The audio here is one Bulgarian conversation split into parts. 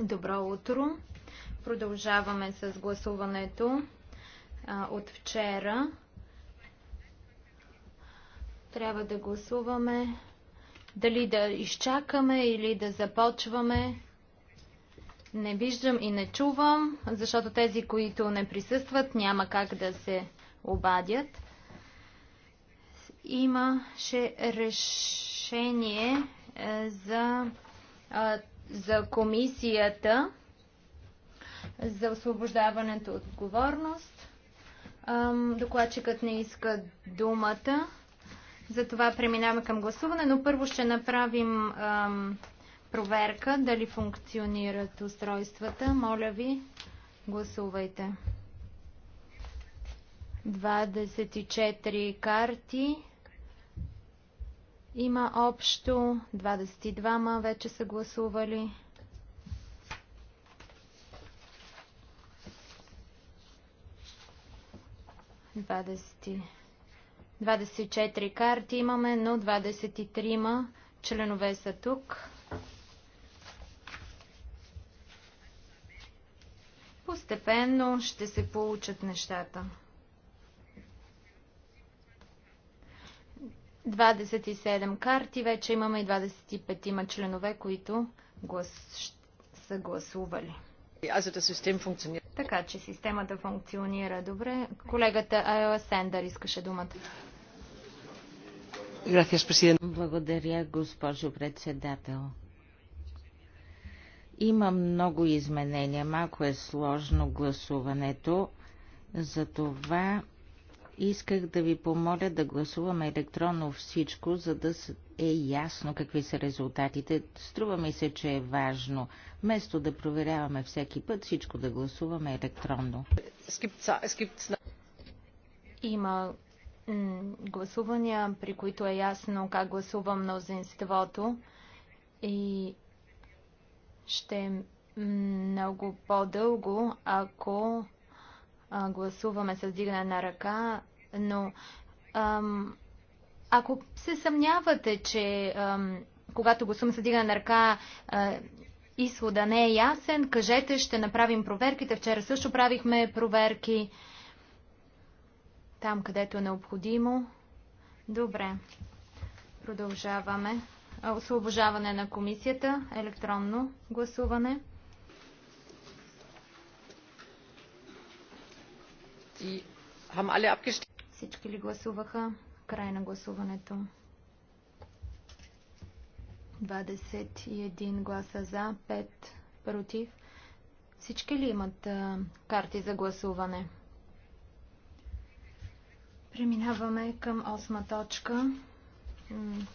Добро утро. Продължаваме с гласуването от вчера. Трябва да гласуваме дали да изчакаме или да започваме. Не виждам и не чувам, защото тези, които не присъстват, няма как да се обадят. Имаше решение е, за, е, за комисията за освобождаването от отговорност. Докладчикът не иска думата. Затова преминаваме към гласуване, но първо ще направим проверка дали функционират устройствата. Моля ви, гласувайте. 24 карти, има общо 22-ма вече са гласували. Двадесети. 24 карти имаме, но 23-ма членове са тук. Постепенно ще се получат нещата. 27 карти, вече имаме и 25 има членове, които глас... са гласували. Така че системата функционира добре. Колегата Айла Сендър искаше думата. Благодаря, госпожо председател. Има много изменения, малко е сложно гласуването, затова исках да ви помоля да гласуваме електронно всичко, за да е ясно какви са резултатите. Струва ми се, че е важно, вместо да проверяваме всеки път, всичко да гласуваме електронно. Има гласувания, при които е ясно как гласува мнозинството и ще е много по-дълго, ако гласуваме с дигане на ръка, но ам, ако се съмнявате, че ам, когато гласуваме с дигане на ръка, а, изхода не е ясен, кажете, ще направим проверките. Вчера също правихме проверки там, където е необходимо. Добре. Продължаваме. Освобождаване на комисията, електронно гласуване. Всички ли гласуваха? Край на гласуването. 21 гласа за, 5 против. Всички ли имат а, карти за гласуване? Преминаваме към 8 точка.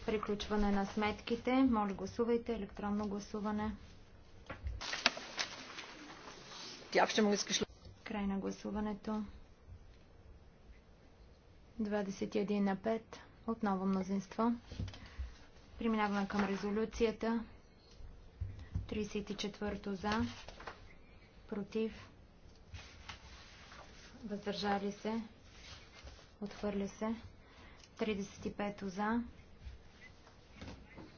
Приключване на сметките. Моля гласувайте. Електронно гласуване. Край на гласуването. 21 на 5. Отново мнозинство. Преминаваме към резолюцията. 34 то за. Против. Въздържали се. Отхвърля се. 35 за.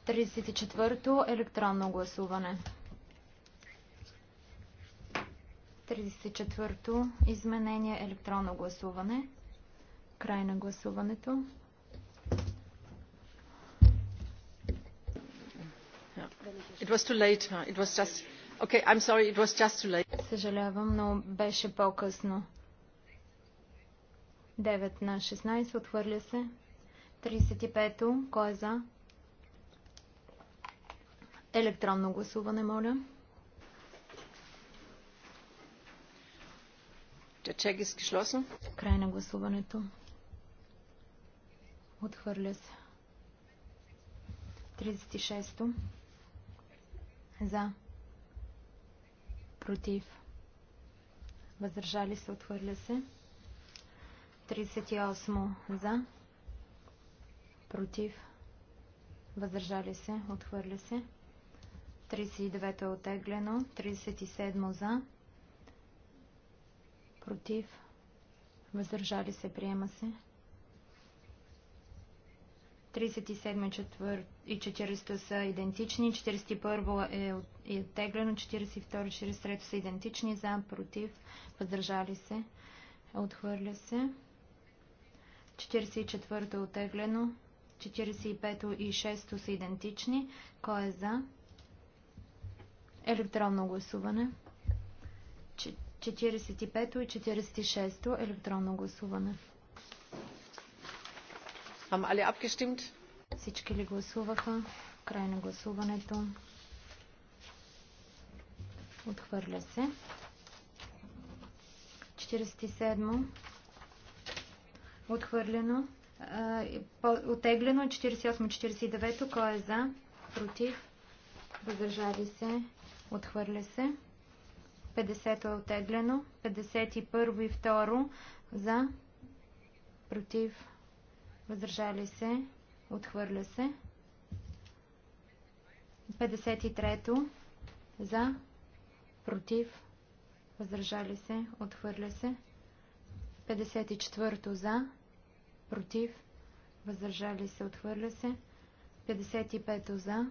34 то електронно гласуване. 34 то изменение електронно гласуване. Край на гласуването. It was too late. It was just... Okay, I'm sorry, it was just too late. Съжалявам, но беше по-късно. 9 на 16 отхвърля се. 35-то, кой е за? Електронно гласуване, моля. Край на гласуването. Отхвърля се. 36-то. За. Против. Въздържали се. Отхвърля се. 38 за. Против. Въздържали се. Отхвърля се. 39 е отеглено. 37 за. Против. Въздържали се. Приема се. 37 и 40 са идентични, 41 е, е оттеглено, 42 и 43 са идентични, за, против, въздържали се, отхвърля се. 44 е оттеглено, 45 и 6 са идентични. Кой е за? Електронно гласуване. 45 и 46 електронно гласуване. Haben alle abgestimmt? Всички ли гласуваха? Край на гласуването. Отхвърля се. 47. Отхвърлено. Отеглено е 48-49. Кой е за? Против? Въздържали се? Отхвърля се. 50 е отеглено. 51 и 2 за? Против? въздържали се, отхвърля се. 53-то за, против, въздържали се, отхвърля се. 54-то за, против, въздържали се, отхвърля се. 55-то за,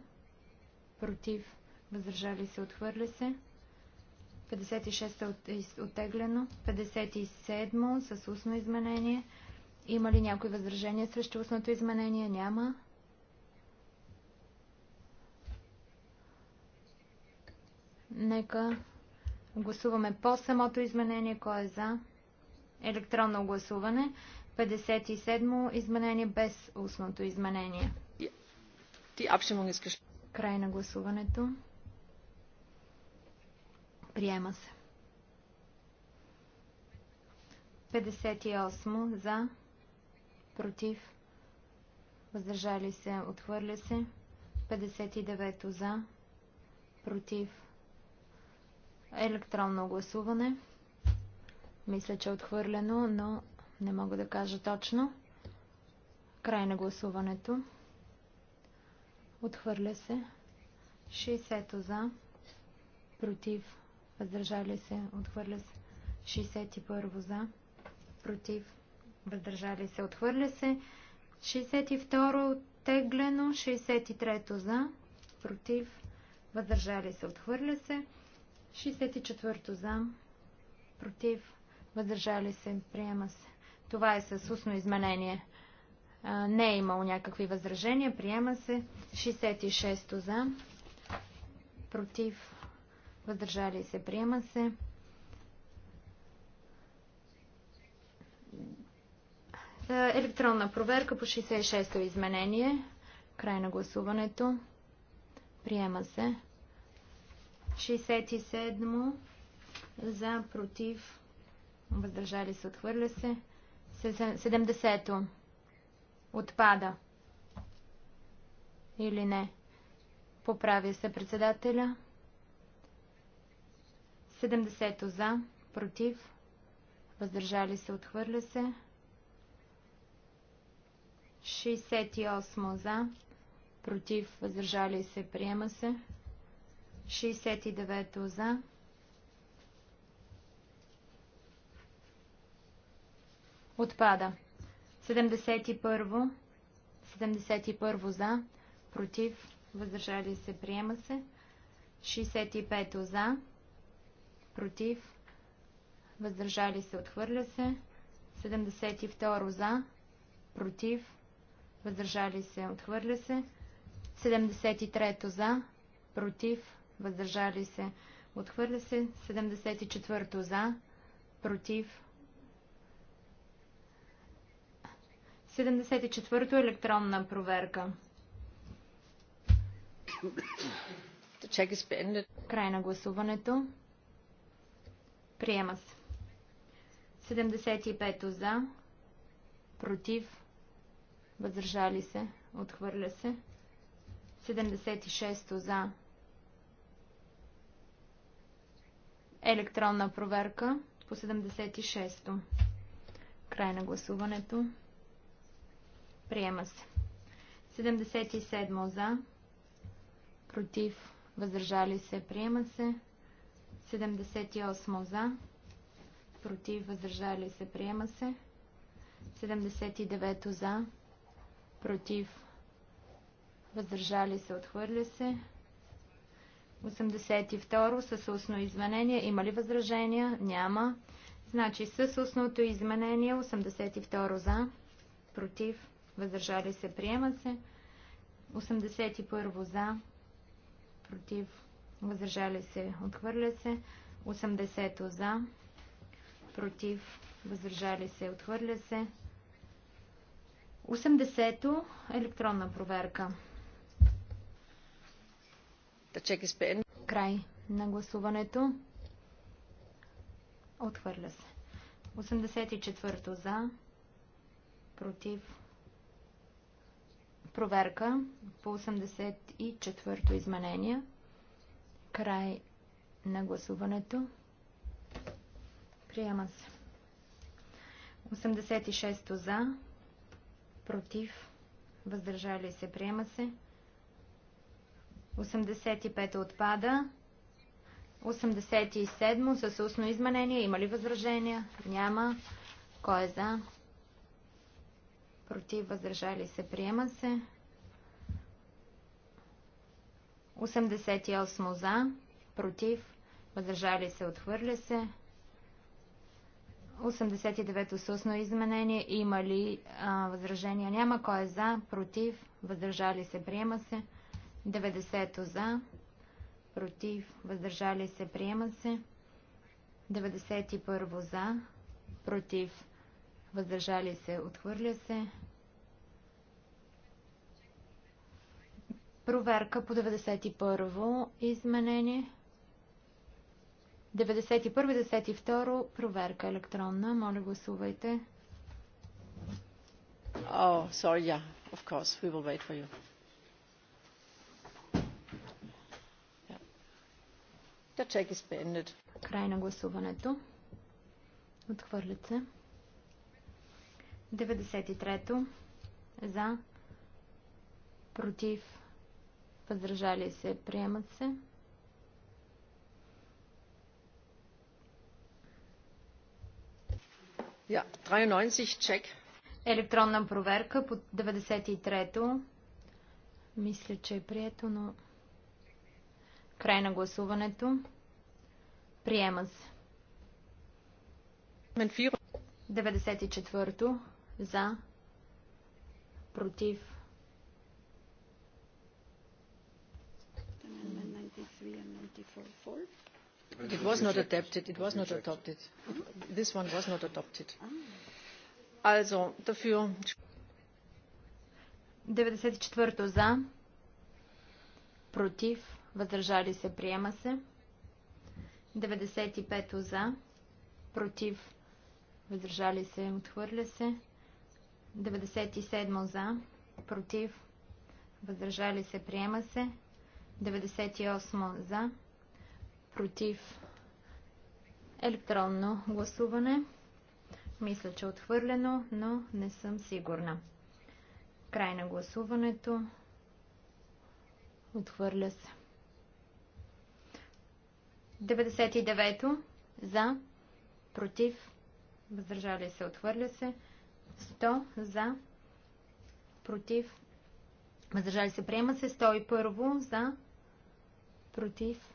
против, въздържали се, отхвърля се. 56-то е оттеглено. 57-то с устно изменение. Има ли някои възражения срещу устното изменение? Няма. Нека гласуваме по самото изменение. Кой е за? Електронно гласуване. 57-мо изменение без устното изменение. Край на гласуването. Приема се. 58 за против, въздържали се, отхвърля се. 59 за, против, електронно гласуване. Мисля, че е отхвърлено, но не мога да кажа точно. Край на гласуването. Отхвърля се. 60 за, против, въздържали се, отхвърля се. 61 за, против, въздържали се, отхвърля се. 62 оттеглено, 63 за, против, въздържали се, отхвърля се. 64 за, против, въздържали се, приема се. Това е с устно изменение. Не е имало някакви възражения, приема се. 66 за, против, въздържали се, приема се. Е, електронна проверка по 66-то изменение. Край на гласуването. Приема се. 67 за, против, въздържали се, отхвърля се. 70-то отпада. Или не? Поправя се председателя. 70 за, против, въздържали се, отхвърля се. 68 за, против, въздържали се, приема се. 69 за. Отпада. 71. 71 за. Против. Въздържали се. Приема се. 65 за. Против. Въздържали се. Отхвърля се. 72 за. Против въздържали се, отхвърля се. 73-то за, против, въздържали се, отхвърля се. 74-то за, против. 74-то електронна проверка. Край на гласуването. Приема се. 75-то за, против, въздържали се, отхвърля се. 76-то за електронна проверка по 76-то. Край на гласуването. Приема се. 77 за. Против. Въздържали се. Приема се. 78 за. Против. Въздържали се. Приема се. 79 за против, въздържали се, отхвърля се. 82 с устно изменение. Има ли възражения? Няма. Значи с устното изменение 82 за, против, въздържали се, приема се. 81 за, против, въздържали се, отхвърля се. 80 за, против, въздържали се, отхвърля се. 80-то електронна проверка. Край на гласуването. Отхвърля се. 84-то за. Против. Проверка по 84-то изменение. Край на гласуването. Приема се. 86-то за против, въздържали се, приема се. 85 отпада. 87 с устно изменение. Има ли възражения? Няма. Кой е за? Против, въздържали се, приема се. 88 за, против, въздържали се, отхвърля се. 89-то сусно изменение. Има ли а, възражения? Няма. Кой е за? Против? Въздържали се? Приема се. 90-то за? Против? Въздържали се? Приема се. 91-во за? Против? Въздържали се? Отхвърля се. Проверка по 91-во изменение. 91-92 проверка електронна. Моля гласувайте. Oh, sorry, yeah, of course. We will wait for you. Yeah. The check is Край на гласуването. Отхвърлят се. 93-то. За. Против. Въздържали се. Приемат се. Ja, 93, чек. Електронна проверка по 93-то. Мисля, че е прието, но... Край на гласуването. Приема се. 94-то. За. Против. Amendment 93 94 It was not adapted. It was not adopted. This one was not adopted. Also dafür. 94 за. Против. Въздържали се. Приема се. 95 за. Против. Въздържали се. Отхвърля се. 97 за. Против. Въздържали се. Приема се. 98 за против, електронно гласуване. Мисля, че е отхвърлено, но не съм сигурна. Край на гласуването. Отхвърля се. 99-то. За. Против. Въздържали се. Отхвърля се. 100. За. Против. Въздържали се. Приема се. 101. За. Против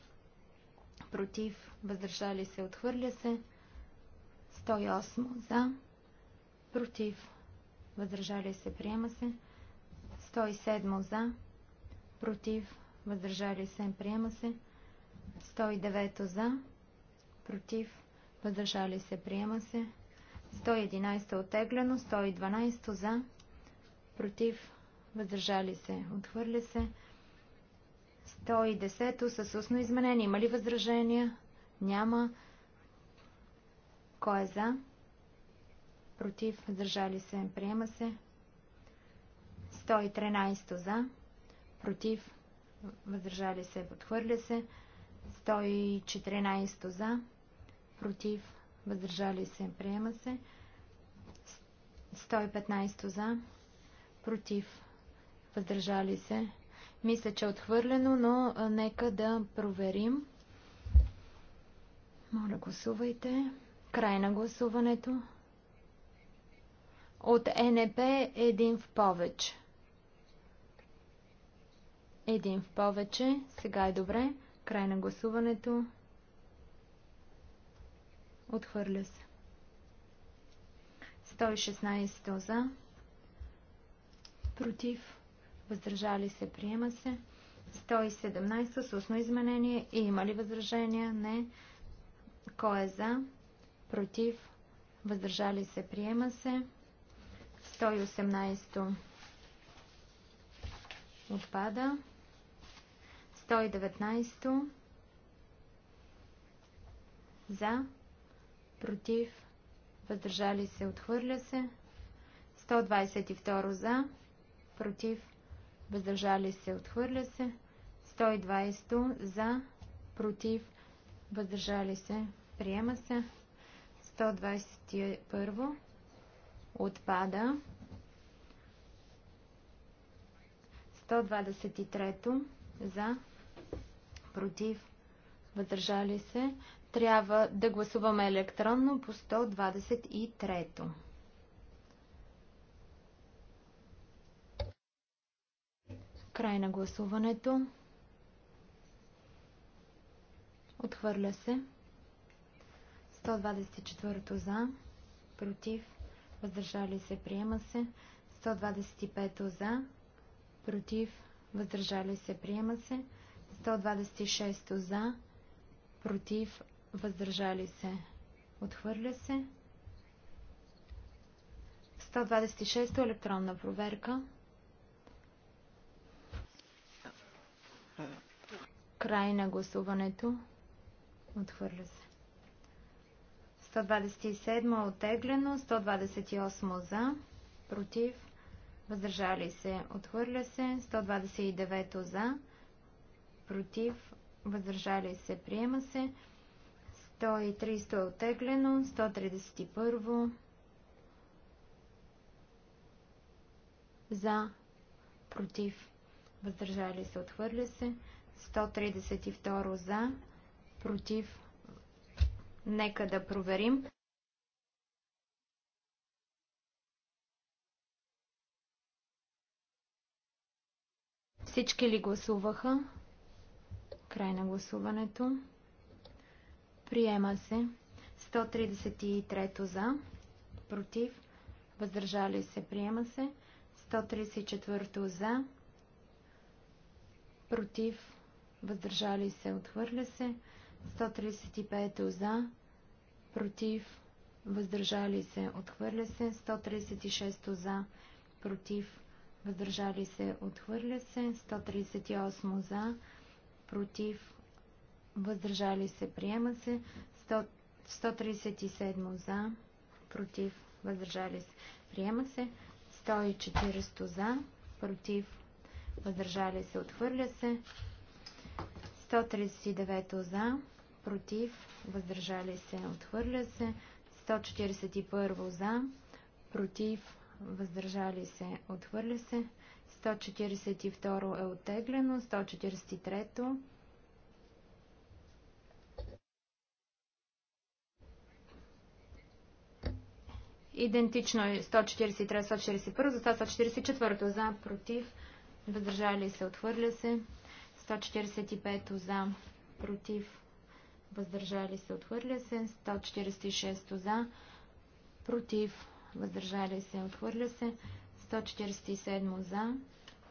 против, въздържали се, отхвърля се. 108 за, против, въздържали се, приема се. 107 за, против, въздържали се, приема се. 109 за, против, въздържали се, приема се. 111 отеглено, 112 за, против, въздържали се, отхвърля се. 110-то с устно изменение. Има ли възражения? Няма. Кой е за? Против? Въздържали се? Приема се. 113 за. Против? Въздържали се? Подхвърля се. 114 за. Против? Въздържали се? Приема се. 115 за. Против? Въздържали се? Мисля, че е отхвърлено, но нека да проверим. Моля, гласувайте. Край на гласуването. От НП един в повече. Един в повече. Сега е добре. Край на гласуването. Отхвърля се. 116 за. Против въздържали се, приема се. 117 с устно изменение. И има ли възражения? Не. Кой е за? Против? Въздържали се? Приема се. 118 отпада. 119 за? Против? Въздържали се? Отхвърля се. 122 за? Против? въздържали се, отхвърля се. 120 за, против, въздържали се, приема се. 121 отпада. 123 за, против, въздържали се. Трябва да гласуваме електронно по 123. Край на гласуването. Отхвърля се. 124 за. Против. Въздържали се. Приема се. 125 за. Против. Въздържали се. Приема се. 126 за. Против. Въздържали се. Отхвърля се. 126 електронна проверка. Край на гласуването. Отхвърля се. 127 отеглено, 128 за, против, въздържали се, отхвърля се, 129 за, против, въздържали се, приема се, 130 е 131 за, против, въздържали се, отхвърля се, 132 за, против. Нека да проверим. Всички ли гласуваха? Край на гласуването. Приема се. 133 за, против, въздържали се, приема се. 134 за, против, въздържали се, отхвърля се. 135 за, против, въздържали се, отхвърля се. 136 за, против, въздържали се, отхвърля се. 138 за, против, въздържали се, приема се. 100, 137 за, против, въздържали се, приема се. 140 за, против, въздържали се, отхвърля се. 139 за, против, въздържали се, отхвърля се. 141 за, против, въздържали се, отхвърля се. 142 е оттеглено, 143 Идентично е 143-141, за 144 за, против, въздържали се, отхвърля се. 145 за, против, въздържали се, отхвърля се. 146 за, против, въздържали се, отхвърля се. 147 за,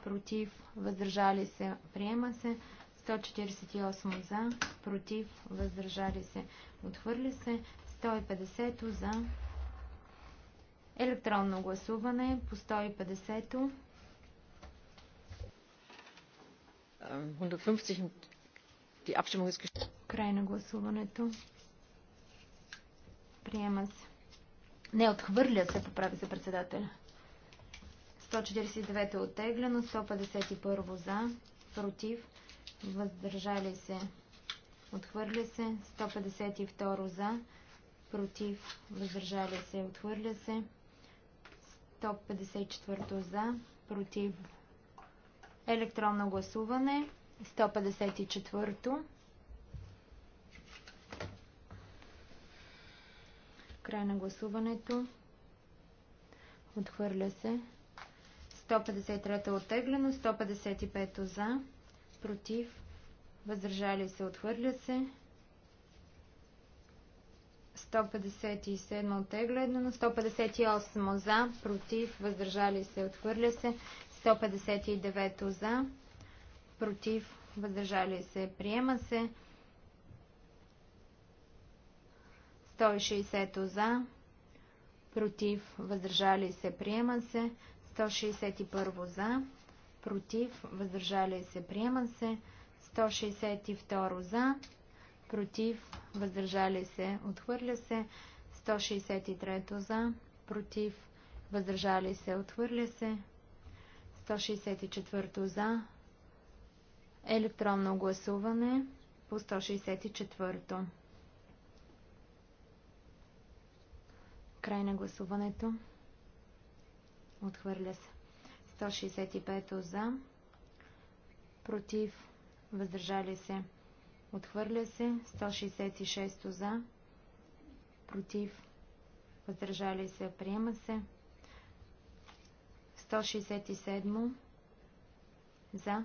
против, въздържали се, приема се. 148 за, против, въздържали се, отхвърля се. 150 за, електронно гласуване по 150 150. Край на гласуването. Приема се. Не, отхвърля се, поправи се председателя. 149 е оттеглено, 151 за, против, въздържали се. Отхвърля се. 152 за, против, въздържали се. Отхвърля се. 154 за, против, Електронно гласуване 154-то. Край на гласуването. Отхвърля се. 153-та е оттеглено, 155-то за, против, въздържали се, отхвърля се. 157 е оттеглено, 158 за, против, въздържали се, отхвърля се, 159 за, против, въздържали се, приема се. 160 за, против, въздържали се, приема се. 161 за, против, въздържали се, приема се. 162 за, против, въздържали се, отхвърля се. 163 за, против, въздържали се, отхвърля се. 164 за. Електронно гласуване по 164. Край на гласуването. Отхвърля се. 165 за. Против. Въздържали се. Отхвърля се. 166 за. Против. Въздържали се. Приема се. 167 за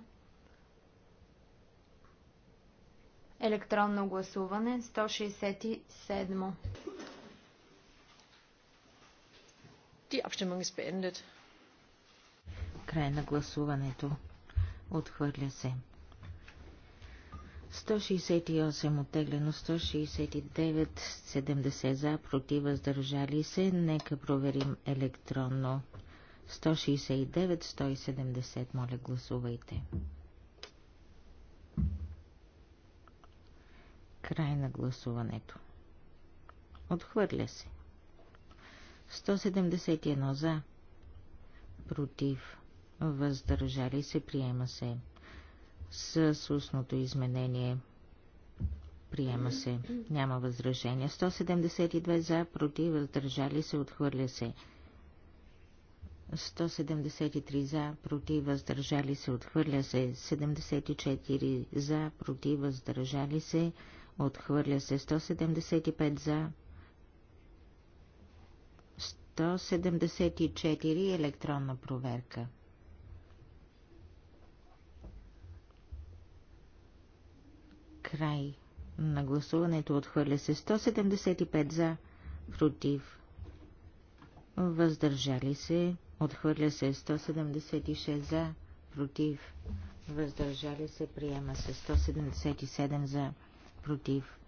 електронно гласуване 167. Die Abstimmung ist beendet. Край на гласуването. Отхвърля се. 168 оттеглено, 169, 70 за, против, въздържали се. Нека проверим електронно. 169-170. Моля, гласувайте. Край на гласуването. Отхвърля се. 171 за. Против. Въздържали се. Приема се. С устното изменение. Приема се. Няма възражение. 172 за. Против. Въздържали се. Отхвърля се. 173 за, против, въздържали се, отхвърля се. 74 за, против, въздържали се, отхвърля се. 175 за. 174 електронна проверка. Край на гласуването отхвърля се 175 за, против, въздържали се Отхвърля се 176 за, против. Въздържали се, приема се 177 за, против.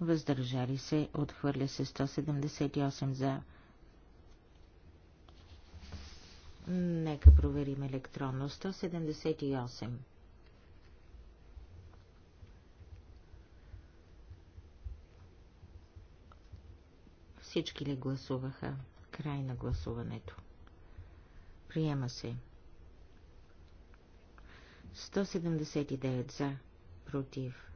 Въздържали се, отхвърля се 178 за. Нека проверим електронно 178. Всички ли гласуваха? Край на гласуването. Приема се. 179 за. Против.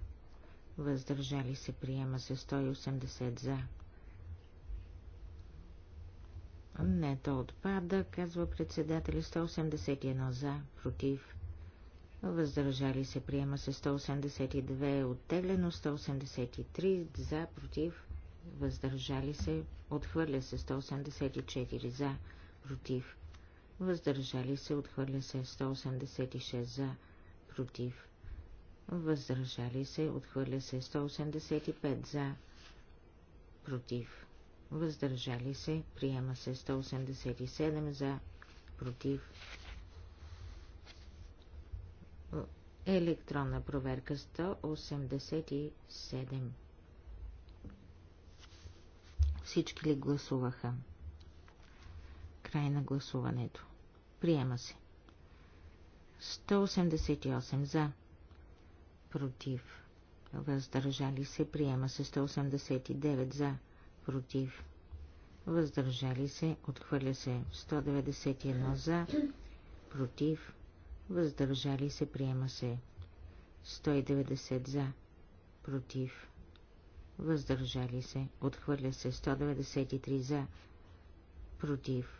Въздържали се. Приема се. 180 за. Не, то отпада, казва председатели 181 за. Против. Въздържали се. Приема се. 182 оттеглено. 183 за. Против. Въздържали се. Отхвърля се. 184 за. Против въздържали се, отхвърля се 186 за, против, въздържали се, отхвърля се 185 за, против, въздържали се, приема се 187 за, против. Електронна проверка 187. Всички ли гласуваха? Край на гласуването. Приема се. 188 за. Против. Въздържали се. Приема се. 189 за. Против. Въздържали се. Отхвърля се. 191 за. Против. Въздържали се. Приема се. 190 за. Против. Въздържали се. Отхвърля се. 193 за. Против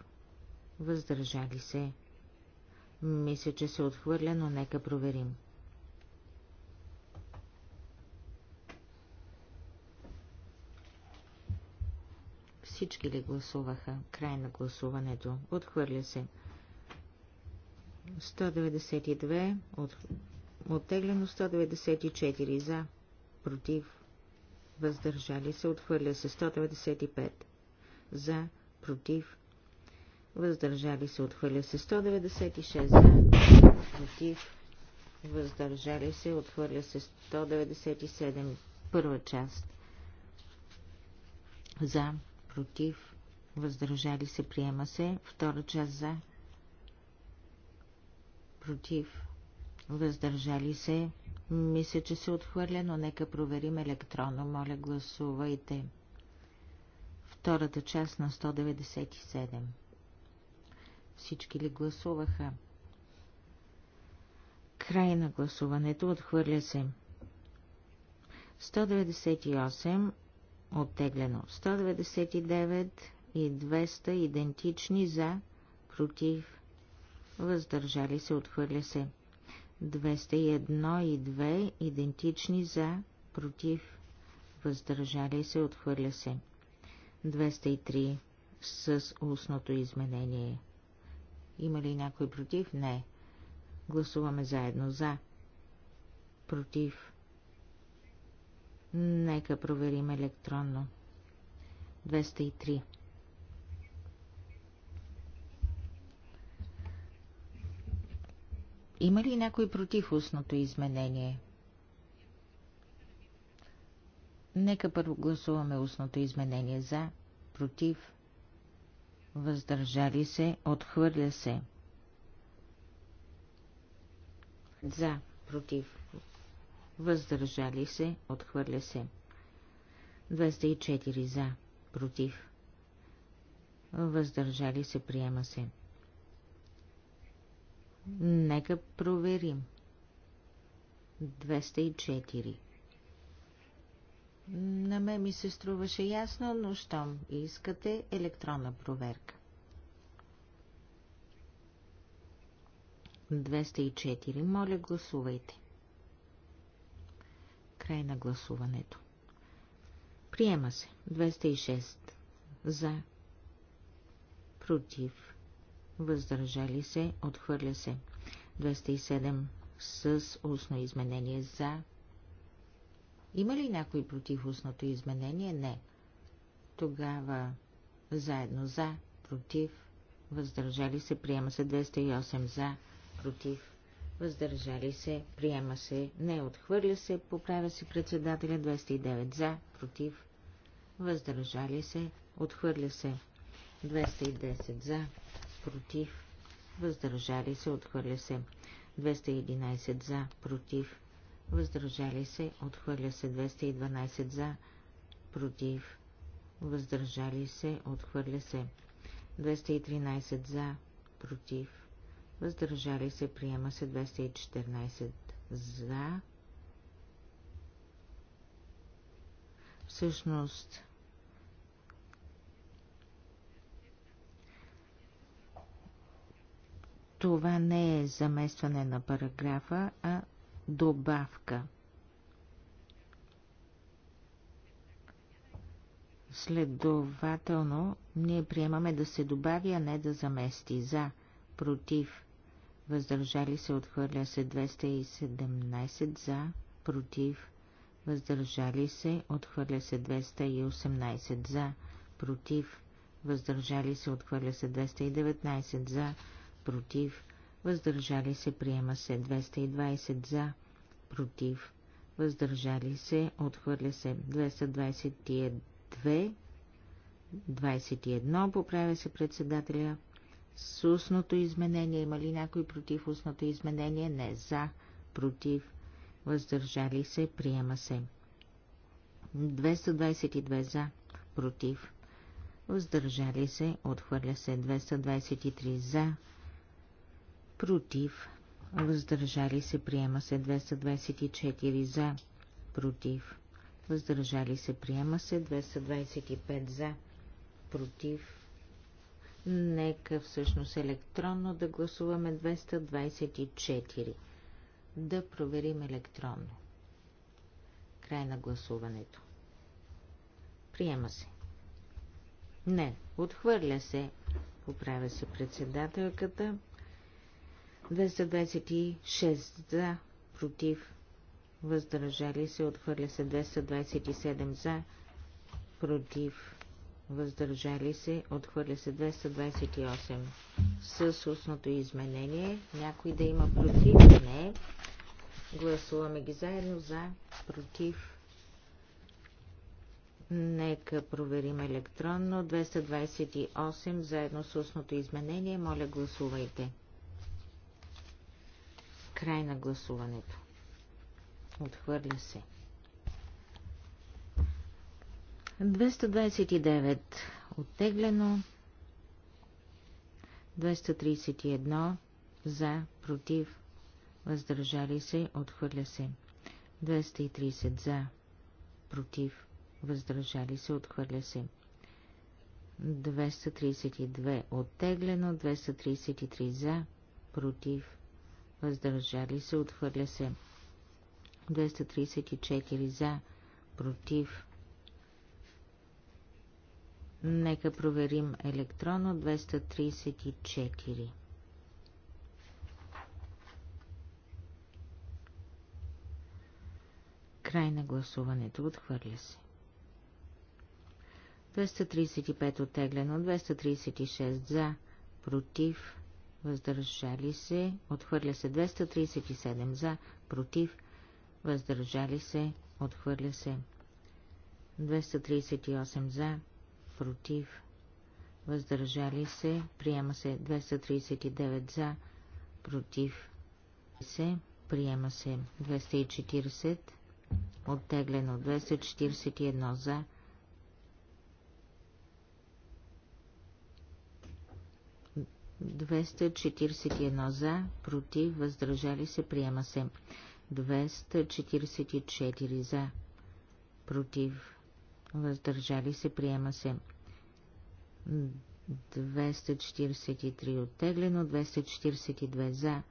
въздържали се. Мисля, че се отхвърля, но нека проверим. Всички ли гласуваха? Край на гласуването. Отхвърля се. 192. От... Оттеглено 194. За. Против. Въздържали се. Отхвърля се. 195. За. Против въздържали се, отхвърля се 196 за, против, въздържали се, отхвърля се 197, първа част, за, против, въздържали се, приема се, втора част за, против, въздържали се, мисля, че се отхвърля, но нека проверим електронно, моля гласувайте. Втората част на 197. Всички ли гласуваха? Край на гласуването отхвърля се. 198 оттеглено. 199 и 200 идентични за, против, въздържали се, отхвърля се. 201 и 2 идентични за, против, въздържали се, отхвърля се. 203 с устното изменение има ли някой против? Не. Гласуваме заедно за. Против. Нека проверим електронно. 203. Има ли някой против устното изменение? Нека първо гласуваме устното изменение за, против, въздържали се, отхвърля се. За, против, въздържали се, отхвърля се. 204 за, против, въздържали се, приема се. Нека проверим. 204 на мен ми се струваше ясно, но щом искате електронна проверка. 204. Моля, гласувайте. Край на гласуването. Приема се. 206. За. Против. Въздържали се. Отхвърля се. 207. С устно изменение. За. Има ли някой против устното изменение? Не. Тогава заедно за, против, въздържали се, приема се 208 за, против, въздържали се, приема се, не отхвърля се, поправя се председателя 209 за, против, въздържали се, отхвърля се 210 за, против, въздържали се, отхвърля се 211 за, против, въздържали се, отхвърля се 212 за, против, въздържали се, отхвърля се 213 за, против, въздържали се, приема се 214 за. Всъщност, това не е заместване на параграфа, а добавка. Следователно, ние приемаме да се добави, а не да замести. За, против, въздържали се, отхвърля се 217 за, против, въздържали се, отхвърля се 218 за, против, въздържали се, отхвърля се 219 за, против, въздържали се, приема се 220 за, против, въздържали се, отхвърля се 222, 21, поправя се председателя. С устното изменение има ли някой против устното изменение? Не, за, против, въздържали се, приема се. 222 за, против, въздържали се, отхвърля се 223 за, против, въздържали се, приема се 224 за, против, въздържали се, приема се 225 за, против. Нека всъщност електронно да гласуваме 224. Да проверим електронно. Край на гласуването. Приема се. Не, отхвърля се, поправя се председателката. 226 за, против, въздържали се, отхвърля се 227 за, против, въздържали се, отхвърля се 228. С устното изменение, някой да има против, не. Гласуваме ги заедно за, против. Нека проверим електронно. 228 заедно с устното изменение. Моля, гласувайте. Край на гласуването. Отхвърля се. 229 оттеглено. 231 за, против, въздържали се, отхвърля се. 230 за, против, въздържали се, отхвърля се. 232 оттеглено, 233 за, против, въздържали се, отхвърля се. 234 за, против. Нека проверим електронно 234. Край на гласуването отхвърля се. 235 оттеглено, 236 за, против въздържали се, отхвърля се 237 за, против, въздържали се, отхвърля се 238 за, против, въздържали се, приема се 239 за, против, се, приема се 240, оттеглено 241 за, 241 за, против, въздържали се, приема се. 244 за, против, въздържали се, приема се. 243 оттеглено, 242 за.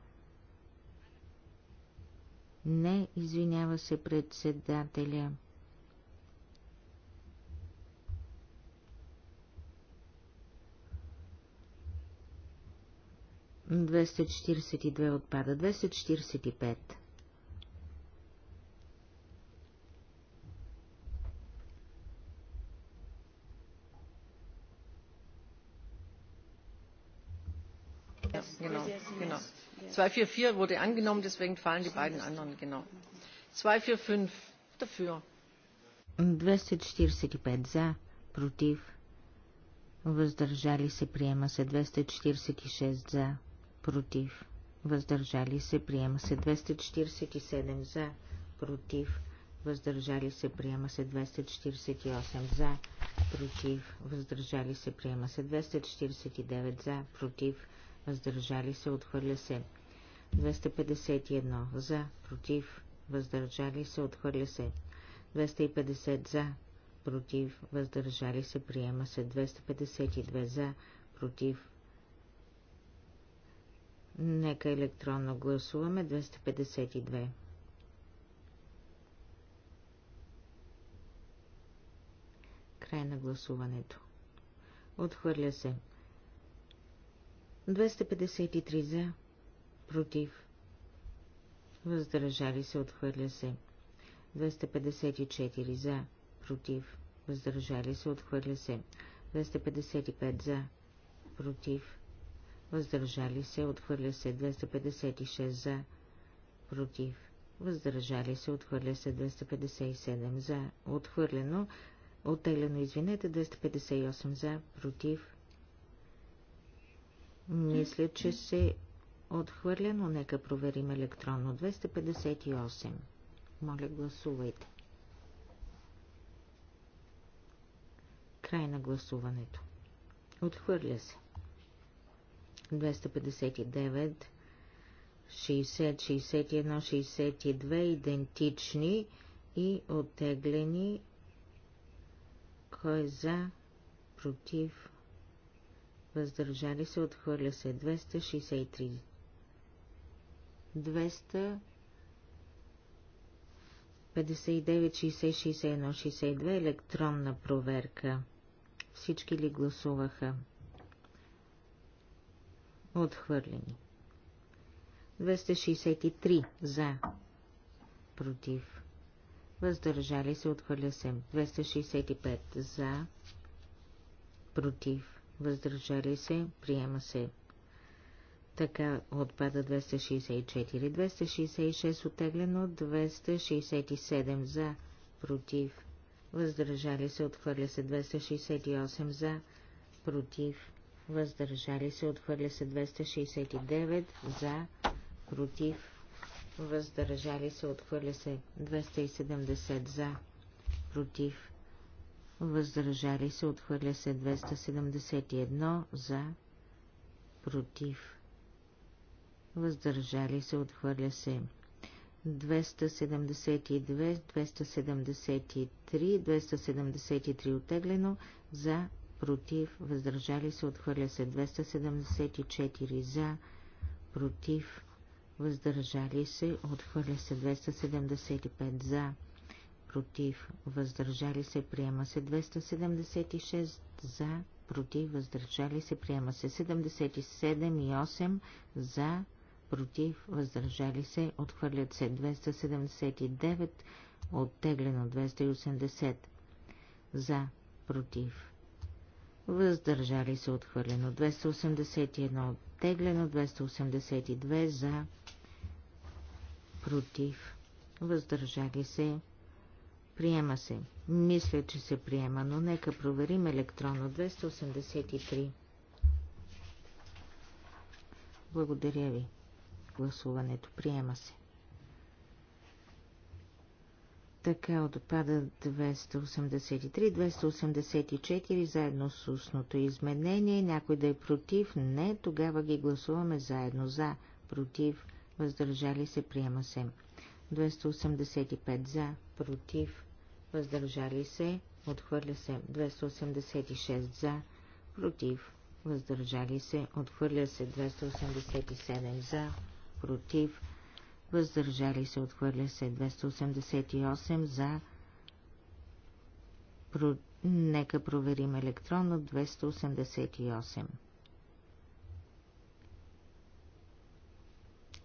Не, извинява се председателя. 242 отпада. 245. Genau, genau. 244 wurde angenommen, deswegen fallen die beiden anderen, genau. 245 dafür. 245 за, против, въздържали се, приема се 246 за против, въздържали се, приема се 247 за, против, въздържали се, приема се 248 за, против, въздържали се, приема се 249 за, против, въздържали се, отхвърля се 251 за, против, въздържали се, отхвърля се 250 за, против, въздържали се, приема се 252 за, против, Нека електронно гласуваме 252. Край на гласуването. Отхвърля се. 253 за. Против. Въздържали се. Отхвърля се. 254 за. Против. Въздържали се. Отхвърля се. 255 за. Против въздържали се, отхвърля се 256 за, против, въздържали се, отхвърля се 257 за, отхвърлено, оттеглено, извинете, 258 за, против. Мисля, че се отхвърля, но нека проверим електронно. 258. Моля, гласувайте. Край на гласуването. Отхвърля се. 259, 61, 62 идентични и отеглени Кой е за? Против? Въздържали се? Отхвърля се. 263. 200 59-60-61-62 електронна проверка. Всички ли гласуваха? Отхвърлени. 263 за. Против. Въздържали се. Отхвърля се. 265 за. Против. Въздържали се. Приема се. Така отпада 264, 266 отеглено, 267 за, против, въздържали се, отхвърля се 268 за, против, въздържали се, отхвърля се 269 за, против, въздържали се, отхвърля се 270 за, против, въздържали се, отхвърля се 271 за, против, въздържали се, отхвърля се 272, 273, 273 отеглено, за, против, въздържали се, отхвърля се 274 за, против, въздържали се, отхвърля се 275 за, против, въздържали се, приема се 276 за, против, въздържали се, приема се 77 и 8 за, против, въздържали се, отхвърлят се 279, оттеглено 280 за, против, въздържали се отхвърлено 281, оттеглено 282 за, против, въздържали се, приема се. Мисля, че се приема, но нека проверим електронно 283. Благодаря ви. Гласуването приема се. Така отпадат 283, 284 заедно с устното изменение. Някой да е против? Не. Тогава ги гласуваме заедно. За, против, въздържали се, приема се. 285 за, против, въздържали се, отхвърля се. 286 за, против, въздържали се, отхвърля се. 287 за, против, въздържали се въздържали се, отхвърля се 288 за. Про... Нека проверим електронно 288.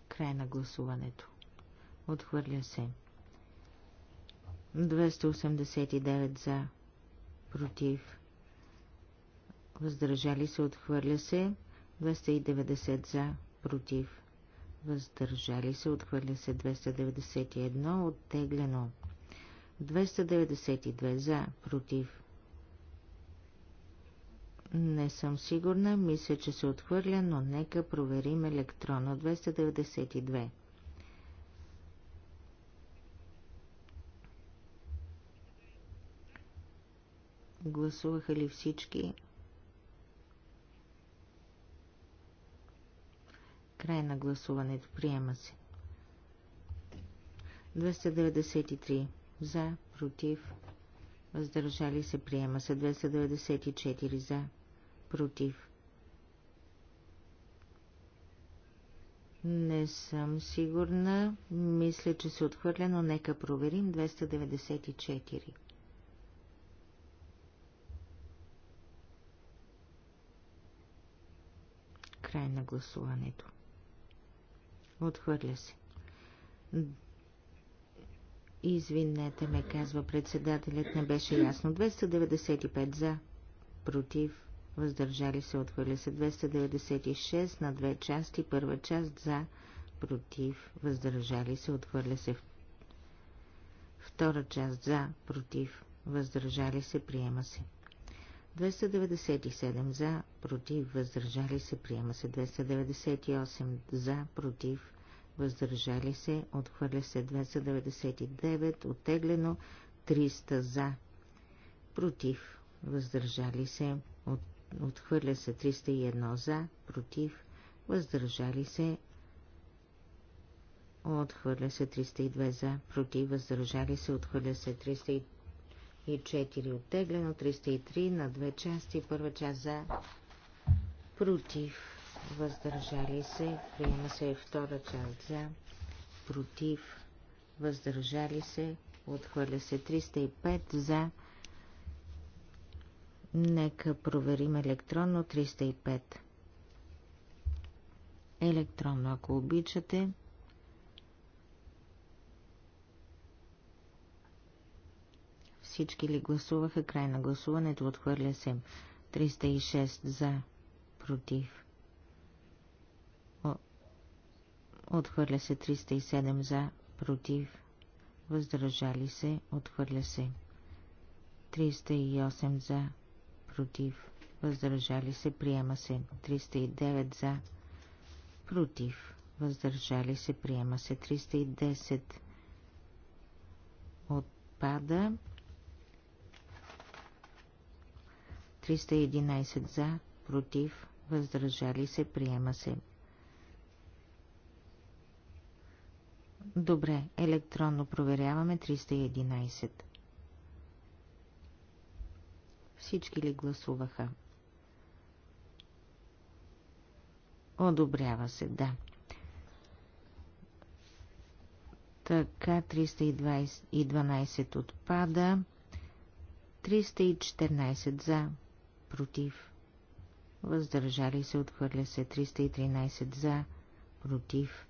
Край на гласуването. Отхвърля се. 289 за. Против. Въздържали се, отхвърля се. 290 за. Против въздържали се, отхвърля се 291, оттеглено. 292 за, против. Не съм сигурна, мисля, че се отхвърля, но нека проверим електронно 292. Гласуваха ли всички? Край на гласуването. Приема се. 293. За, против, въздържали се. Приема се. 294. За, против. Не съм сигурна. Мисля, че се отхвърля, но нека проверим. 294. Край на гласуването. Отхвърля се. Извинете ме, казва председателят, не беше ясно. 295 за, против, въздържали се, отхвърля се. 296 на две части, първа част за, против, въздържали се, отхвърля се. Втора част за, против, въздържали се, приема се. 297 за, против, въздържали се, приема се. 298 за, против, въздържали се, отхвърля се 299, оттеглено 300 за, против, въздържали се, от, отхвърля се 301 за, против, въздържали се, отхвърля се 302 за, против, въздържали се, отхвърля се 304, оттеглено 303 на две части, първа част за, против, въздържали се, приема се втора част за, против, въздържали се, отхвърля се 305 за. Нека проверим електронно 305. Електронно, ако обичате. Всички ли гласуваха край на гласуването? Отхвърля се 306 за, против, Отхвърля се 307 за, против, въздържали се, отхвърля се. 308 за, против, въздържали се, приема се. 309 за, против, въздържали се, приема се. 310 отпада. 311 за, против, въздържали се, приема се. Добре, електронно проверяваме 311. Всички ли гласуваха? Одобрява се, да. Така 312 отпада. 314 за, против. Въздържали се, отхвърля се 313 за, против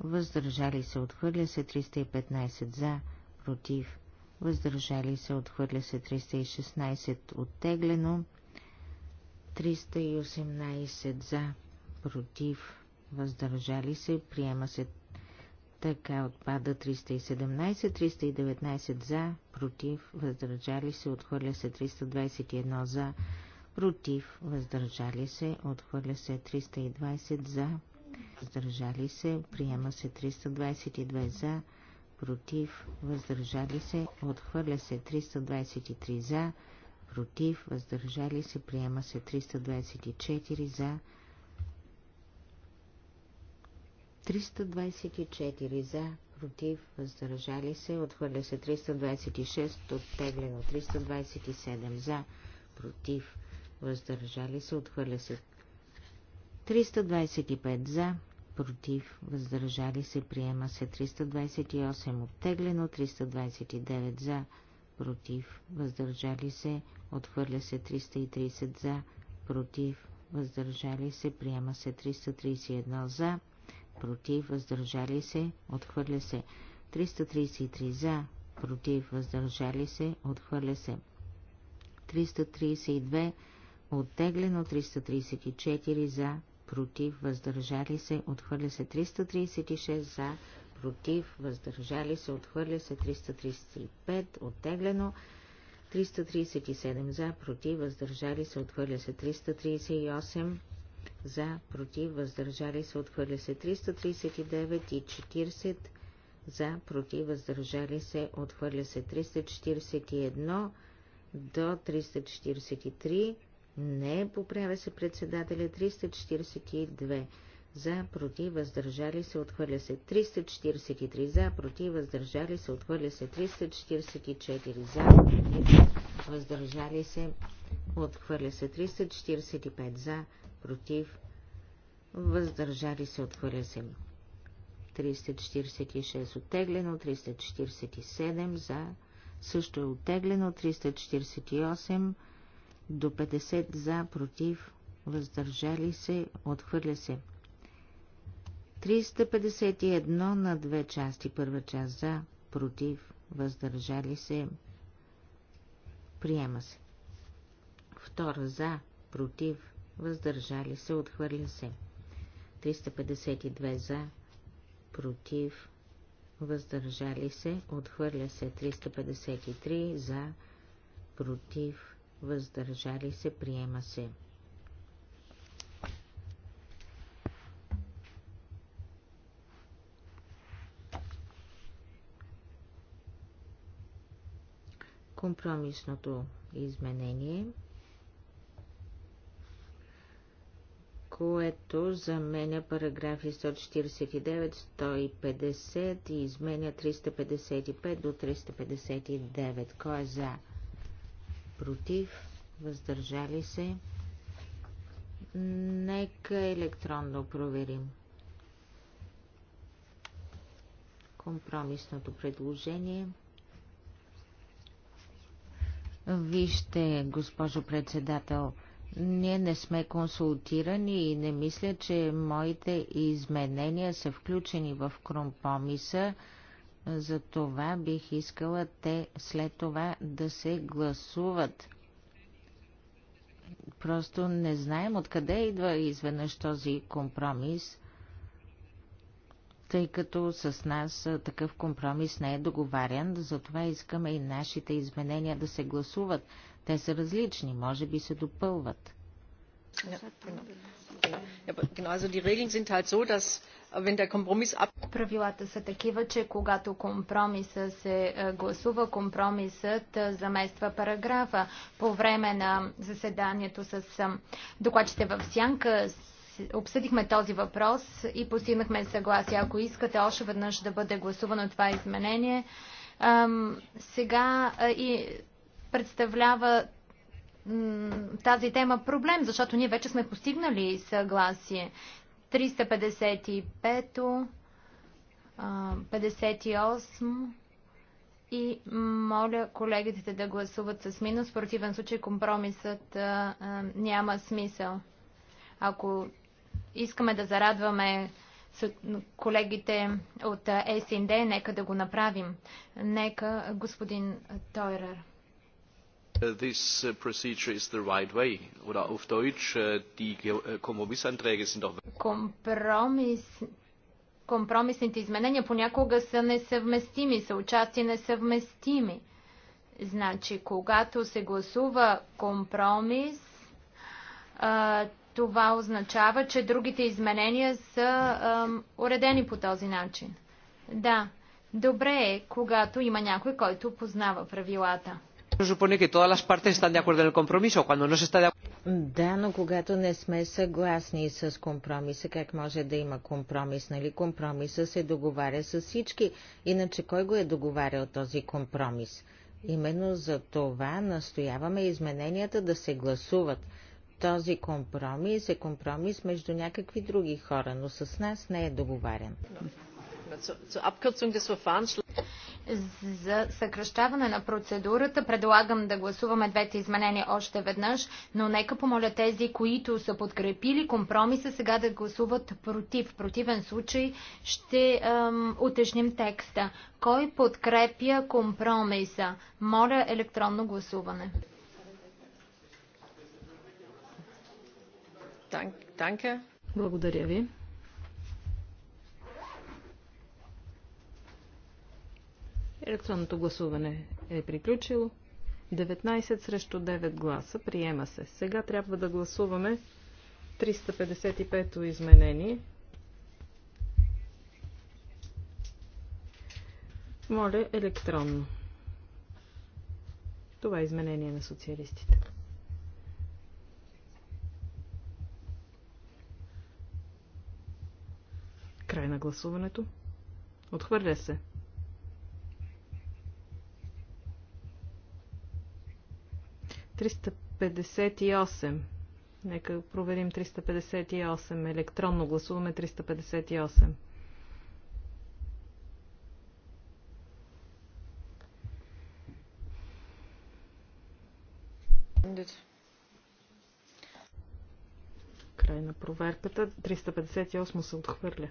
въздържали се, отхвърля се 315 за, против, въздържали се, отхвърля се 316 оттеглено, 318 за, против, въздържали се, приема се така отпада 317, 319 за, против, въздържали се, отхвърля се 321 за, против, въздържали се, отхвърля се 320 за, въздържали се, приема се 322 за, против, въздържали се, отхвърля се 323 за, против, въздържали се, приема се 324 за, 324 за, против, въздържали се, отхвърля се 326, оттеглено 327 за, против, въздържали се, отхвърля се 325 за, против, въздържали се, приема се 328, оттеглено 329 за, против, въздържали се, отхвърля се 330 за, против, въздържали се, приема се 331 за, против, въздържали се, отхвърля се 333 за, против, въздържали се, отхвърля се 332, оттеглено 334 за, против, въздържали се, отхвърля се 336 за, против, въздържали се, отхвърля се 335, оттеглено 337 за, против, въздържали се, отхвърля се 338 за, против, въздържали се, отхвърля се 339 и 40 за, против, въздържали се, отхвърля се 341 до 343 не, поправя се председателя 342. За, против, въздържали се, отхвърля се 343. За, против, въздържали се, отхвърля се 344. За, против, въздържали се, отхвърля се 345. За, против, въздържали се, отхвърля се 346. Оттеглено 347. За, също е оттеглено 348 до 50 за, против, въздържали се, отхвърля се. 351 на две части, първа част за, против, въздържали се, приема се. Втора за, против, въздържали се, отхвърля се. 352 за, против, въздържали се, отхвърля се. 353 за, против, въздържали се, приема се. Компромисното изменение, което заменя параграфи 149, 150 и изменя 355 до 359. Кой е за? против, въздържали се. Нека електронно проверим. Компромисното предложение. Вижте, госпожо председател, ние не сме консултирани и не мисля, че моите изменения са включени в компромиса. За това бих искала те след това да се гласуват. Просто не знаем откъде идва изведнъж този компромис, тъй като с нас такъв компромис не е договарян, затова искаме и нашите изменения да се гласуват. Те са различни, може би се допълват. Ja, genau. Ja, genau. Also die Regeln sind halt so, dass Правилата са такива, че когато компромиса се е, гласува, компромисът е, замества параграфа. По време на заседанието с е, докладчите в Сянка обсъдихме този въпрос и постигнахме съгласие. Ако искате още веднъж да бъде гласувано това изменение, сега и представлява тази тема проблем, защото ние вече сме постигнали съгласие. 355, 58 и моля колегите да гласуват с минус. В противен случай компромисът а, а, няма смисъл. Ако искаме да зарадваме колегите от СНД, нека да го направим. Нека господин Тойрер. This uh, procedure is the right way. Oder auf Deutsch, äh, die äh, Kompromissanträge sind doch... Компромисните изменения понякога са несъвместими, са участи несъвместими. Значи, когато се гласува компромис, това означава, че другите изменения са уредени по този начин. Да, добре е, когато има някой, който познава правилата. Да, но когато не сме съгласни с компромиса, как може да има компромис? Нали компромиса се договаря с всички, иначе кой го е договарял този компромис? Именно за това настояваме измененията да се гласуват. Този компромис е компромис между някакви други хора, но с нас не е договарен. Äh, За съкръщаване на процедурата предлагам да гласуваме двете изменения още веднъж, но нека помоля тези, които са подкрепили компромиса, сега да гласуват против. В противен случай ще ем, текста. Кой подкрепя компромиса? Моля електронно гласуване. Благодаря ви. Електронното гласуване е приключило. 19 срещу 9 гласа. Приема се. Сега трябва да гласуваме 355-то изменение. Моля електронно. Това е изменение на социалистите. Край на гласуването. Отхвърля се. 358. Нека проверим 358. Електронно гласуваме 358. Край на проверката. 358 се отхвърля.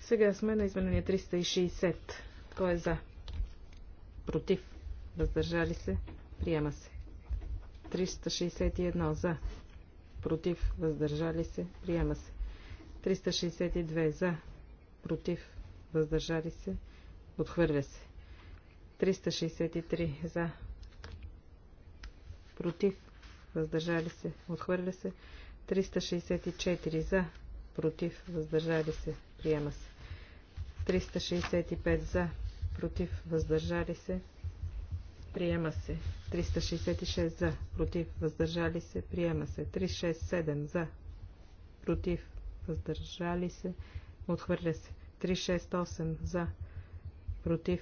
Сега сме на изменение 360. Кой е за? Против. Въздържали се. Приема се. 361 за. Против. Въздържали се. Приема се. 362 за. Против. Въздържали се. Отхвърля се. 363 за. Против. Въздържали се. Отхвърля се. 364 за. Против. Въздържали се. Приема се. 365 за против, въздържали се, приема се. 366 за, против, въздържали се, приема се. 367 за, против, въздържали се, отхвърля се. 368 за, против,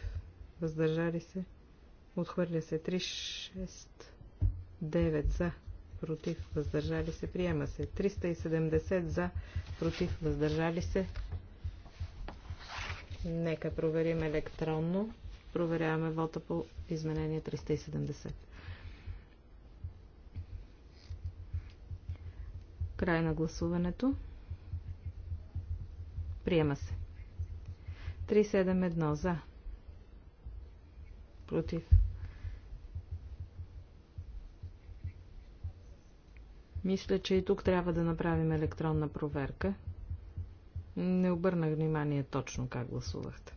въздържали се, отхвърля се. 369 за, против, въздържали се, приема се. 370 за, против, въздържали се, Нека проверим електронно. Проверяваме вота по изменение 370. Край на гласуването. Приема се. 371 за. Против. Мисля, че и тук трябва да направим електронна проверка. Не обърнах внимание точно как гласувахте.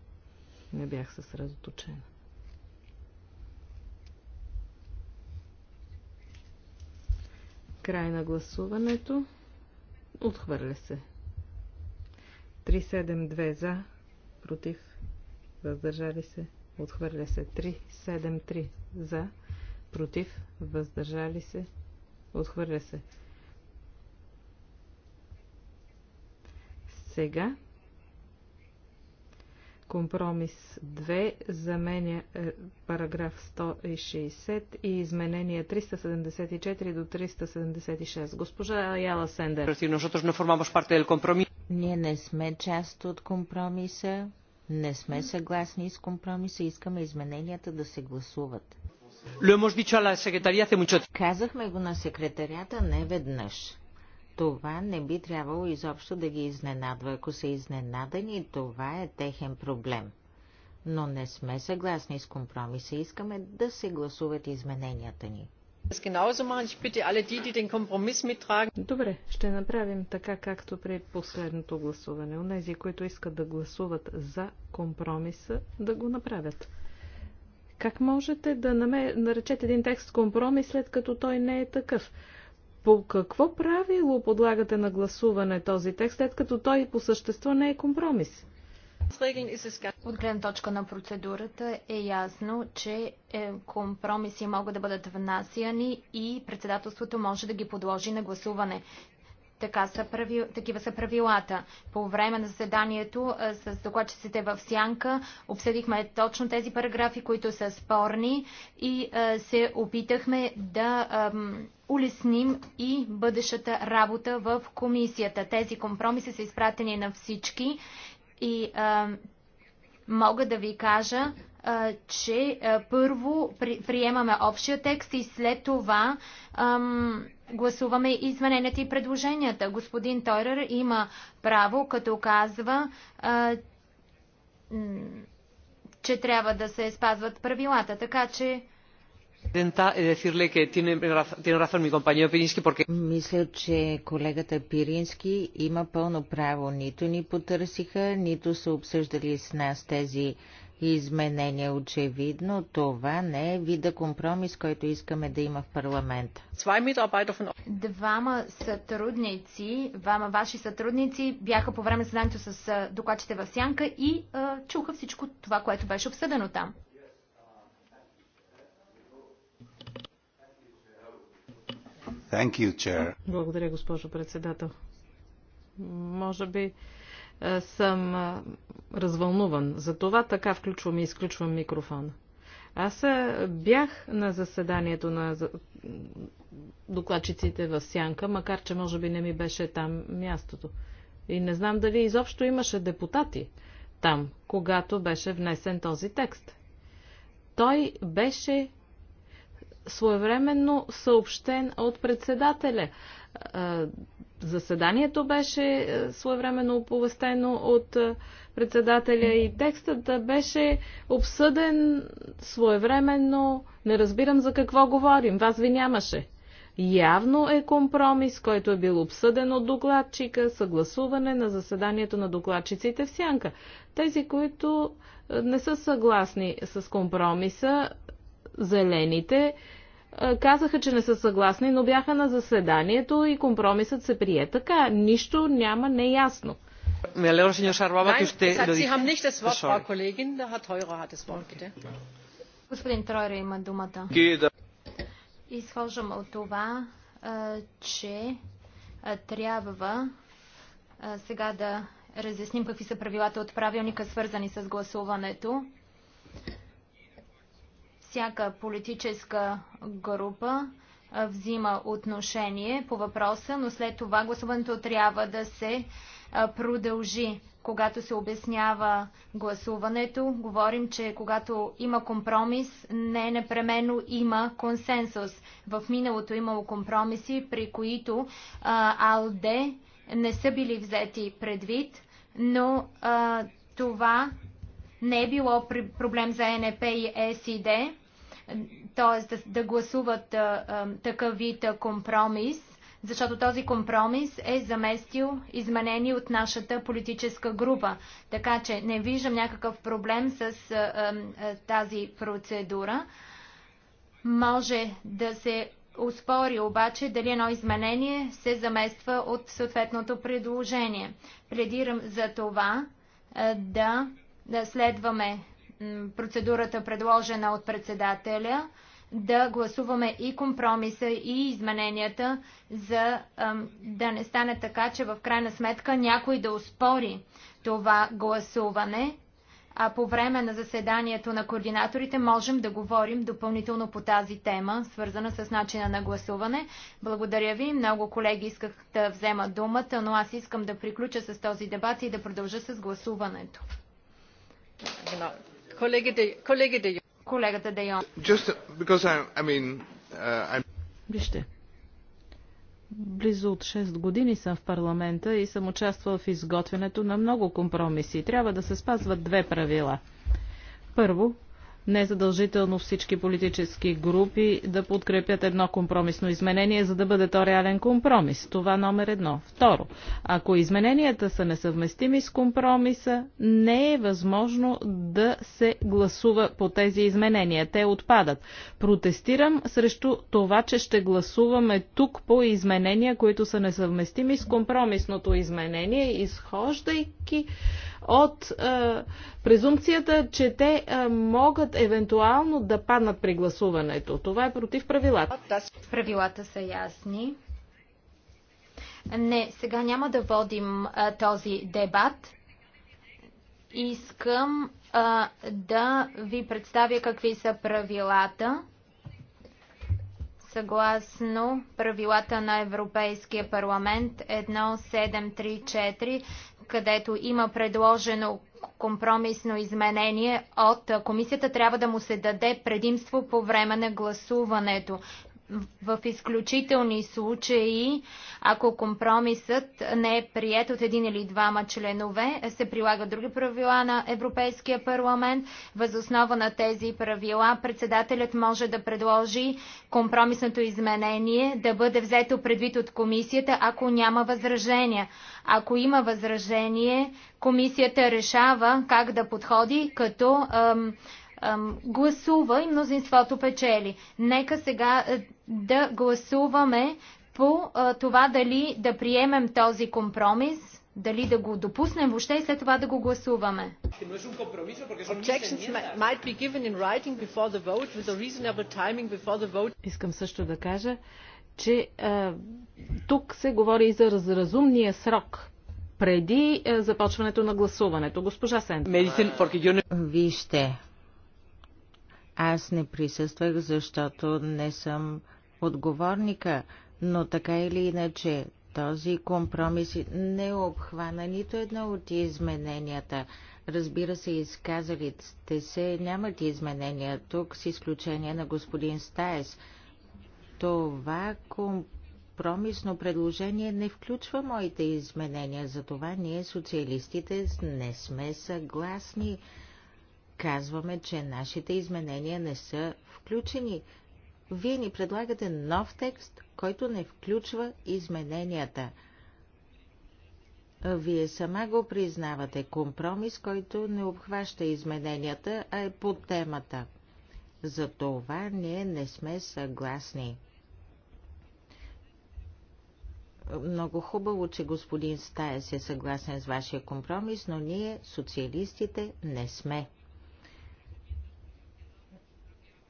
Не бях съсредоточена. Край на гласуването. Отхвърля се. 372 за, против, въздържали се. Отхвърля се. 373 за, против, въздържали се. Отхвърля се. Сега компромис 2 заменя е, параграф 160 и изменения 374 до 376. Госпожа Яла Сендер. Ние не сме част от компромиса, не сме съгласни с компромиса, искаме измененията да се гласуват. Казахме го на секретарията не веднъж това не би трябвало изобщо да ги изненадва. Ако са изненадани, това е техен проблем. Но не сме съгласни с компромиса. Искаме да се гласуват измененията ни. Добре, ще направим така, както при последното гласуване. Онези, които искат да гласуват за компромиса, да го направят. Как можете да наречете един текст компромис, след като той не е такъв? По какво правило подлагате на гласуване този текст, след като той по същество не е компромис? От гледна точка на процедурата е ясно, че е, компромиси могат да бъдат внасяни и председателството може да ги подложи на гласуване. Така са прави... такива са правилата. По време на заседанието с докладчиците в Сянка обсъдихме точно тези параграфи, които са спорни и се опитахме да улесним и бъдещата работа в комисията. Тези компромиси са изпратени на всички и мога да ви кажа, че първо приемаме общия текст и след това гласуваме измененията и предложенията. Господин Тойрер има право, като казва, че трябва да се спазват правилата. Така че. Е Мисля, че колегата Пирински има пълно право. Нито ни потърсиха, нито са обсъждали с нас тези изменения. Очевидно това не е вида компромис, който искаме да има в парламента. Двама сътрудници, двама ваши сътрудници бяха по време на заданието с докладчите в Сянка и а, чуха всичко това, което беше обсъдено там. You, Благодаря, госпожо председател. Може би е, съм е, развълнуван. Затова така включвам и изключвам микрофона. Аз е, бях на заседанието на докладчиците в Сянка, макар че може би не ми беше там мястото. И не знам дали изобщо имаше депутати там, когато беше внесен този текст. Той беше своевременно съобщен от председателя. Заседанието беше е, своевременно оповестено от е, председателя и текстът беше обсъден своевременно. Не разбирам за какво говорим. Вас ви нямаше. Явно е компромис, който е бил обсъден от докладчика, съгласуване на заседанието на докладчиците в сянка. Тези, които е, не са съгласни с компромиса, зелените, е, казаха, че не са съгласни, но бяха на заседанието и компромисът се прие. Така, нищо няма неясно. Господин Тройра има думата. Изхождам от това, че трябва сега да разясним какви са правилата от правилника, свързани с гласуването. Всяка политическа група взима отношение по въпроса, но след това гласуването трябва да се продължи. Когато се обяснява гласуването, говорим, че когато има компромис, не непременно има консенсус. В миналото имало компромиси, при които АЛДЕ не са били взети предвид, но а, това не е било проблем за НП и СИД т.е. Да, да гласуват а, такъв вид компромис, защото този компромис е заместил изменени от нашата политическа група. Така че не виждам някакъв проблем с а, а, тази процедура. Може да се успори обаче дали едно изменение се замества от съответното предложение. Пледирам за това да, да следваме процедурата предложена от председателя, да гласуваме и компромиса, и измененията, за да не стане така, че в крайна сметка някой да успори това гласуване. А по време на заседанието на координаторите можем да говорим допълнително по тази тема, свързана с начина на гласуване. Благодаря ви. Много колеги исках да взема думата, но аз искам да приключа с този дебат и да продължа с гласуването. Uh, Вижте, близо от 6 години съм в парламента и съм участвал в изготвянето на много компромиси. Трябва да се спазват две правила. Първо, не задължително всички политически групи да подкрепят едно компромисно изменение, за да бъде то реален компромис. Това номер едно. Второ, ако измененията са несъвместими с компромиса, не е възможно да се гласува по тези изменения. Те отпадат. Протестирам срещу това, че ще гласуваме тук по изменения, които са несъвместими с компромисното изменение, изхождайки от а, е, презумпцията, че те а, е, могат евентуално да паднат при гласуването. Това е против правилата. Правилата са ясни. Не, сега няма да водим а, е, този дебат. Искам а, да ви представя какви са правилата съгласно правилата на Европейския парламент 1734 където има предложено компромисно изменение от комисията, трябва да му се даде предимство по време на гласуването в изключителни случаи, ако компромисът не е прият от един или двама членове, се прилагат други правила на Европейския парламент. Възоснова на тези правила председателят може да предложи компромисното изменение да бъде взето предвид от комисията, ако няма възражения. Ако има възражение, комисията решава как да подходи, като Ам, гласува и мнозинството печели. Нека сега е, да гласуваме по е, това дали да приемем този компромис, дали да го допуснем въобще и след това да го гласуваме. Е Искам също да кажа, че а, тук се говори и за разумния срок преди а, започването на гласуването. Госпожа Сен. Вижте, аз не присъствах, защото не съм отговорника, но така или иначе този компромис не обхвана нито едно от измененията. Разбира се, изказалите се нямат изменения тук, с изключение на господин Стаес. Това компромисно предложение не включва моите изменения, затова ние, социалистите, не сме съгласни казваме, че нашите изменения не са включени. Вие ни предлагате нов текст, който не включва измененията. Вие сама го признавате компромис, който не обхваща измененията, а е по темата. За това ние не сме съгласни. Много хубаво, че господин Стая се е съгласен с вашия компромис, но ние, социалистите, не сме.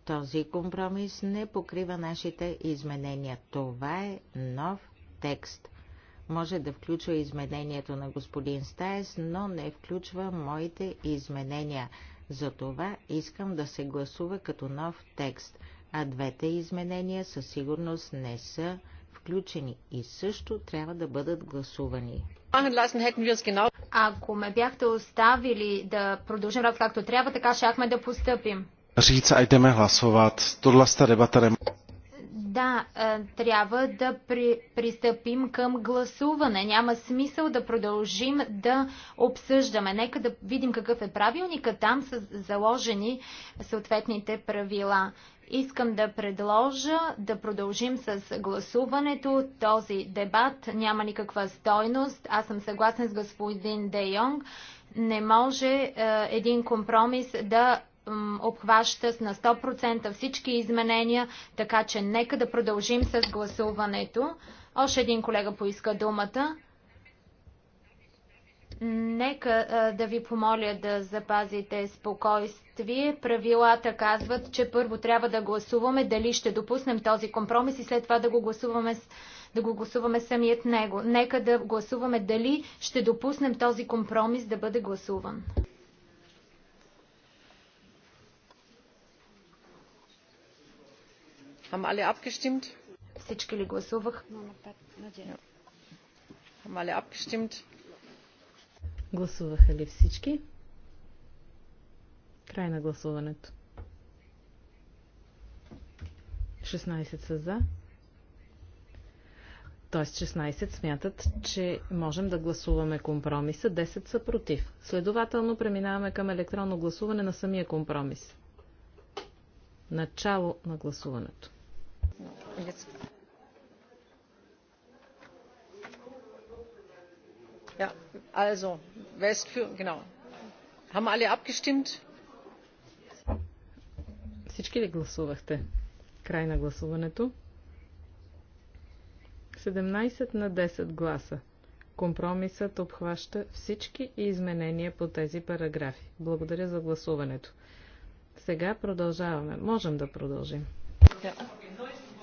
Този компромис не покрива нашите изменения. Това е нов текст. Може да включва изменението на господин Стаес, но не включва моите изменения. Затова искам да се гласува като нов текст, а двете изменения със сигурност не са включени и също трябва да бъдат гласувани. Ако ме бяхте оставили да продължим работа както трябва, така щяхме да постъпим říct a jdeme hlasovat. Tohle jste debata nemá. Да, е, трябва да при, пристъпим към гласуване. Няма смисъл да продължим да обсъждаме. Нека да видим какъв е правилника. Там са заложени съответните правила. Искам да предложа да продължим с гласуването. Този дебат няма никаква стойност. Аз съм съгласен с господин Де Йонг. Не може е, един компромис да обхваща на 100% всички изменения, така че нека да продължим с гласуването. Още един колега поиска думата. Нека да ви помоля да запазите спокойствие. Правилата казват, че първо трябва да гласуваме дали ще допуснем този компромис и след това да го гласуваме, да го гласуваме самият него. Нека да гласуваме дали ще допуснем този компромис да бъде гласуван. Haben alle abgestimmt? Всички ли гласувах? Haben alle abgestimmt? Гласуваха ли всички? Край на гласуването. 16 са за. Тоест 16 смятат, че можем да гласуваме компромиса, 10 са против. Следователно преминаваме към електронно гласуване на самия компромис. Начало на гласуването. Ja, also, Westführung, genau. Haben alle abgestimmt? Всички ли гласувахте? Край на гласуването. 17 на 10 гласа. Компромисът обхваща всички изменения по тези параграфи. Благодаря за гласуването. Сега продължаваме. Можем да продължим. Yeah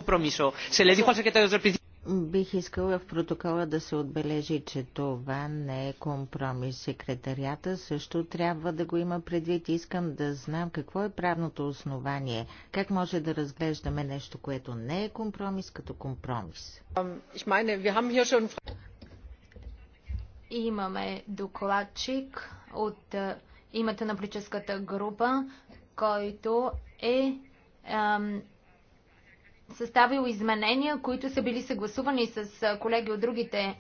compromiso. Se le dijo al secretario desde el principio. Бих искала в протокола да се отбележи, че това не е компромис. Секретарията също трябва да го има предвид. Искам да знам какво е правното основание. Как може да разглеждаме нещо, което не е компромис, като компромис? Имаме докладчик от е, името на политическата група, който е съставил изменения, които са били съгласувани с колеги от другите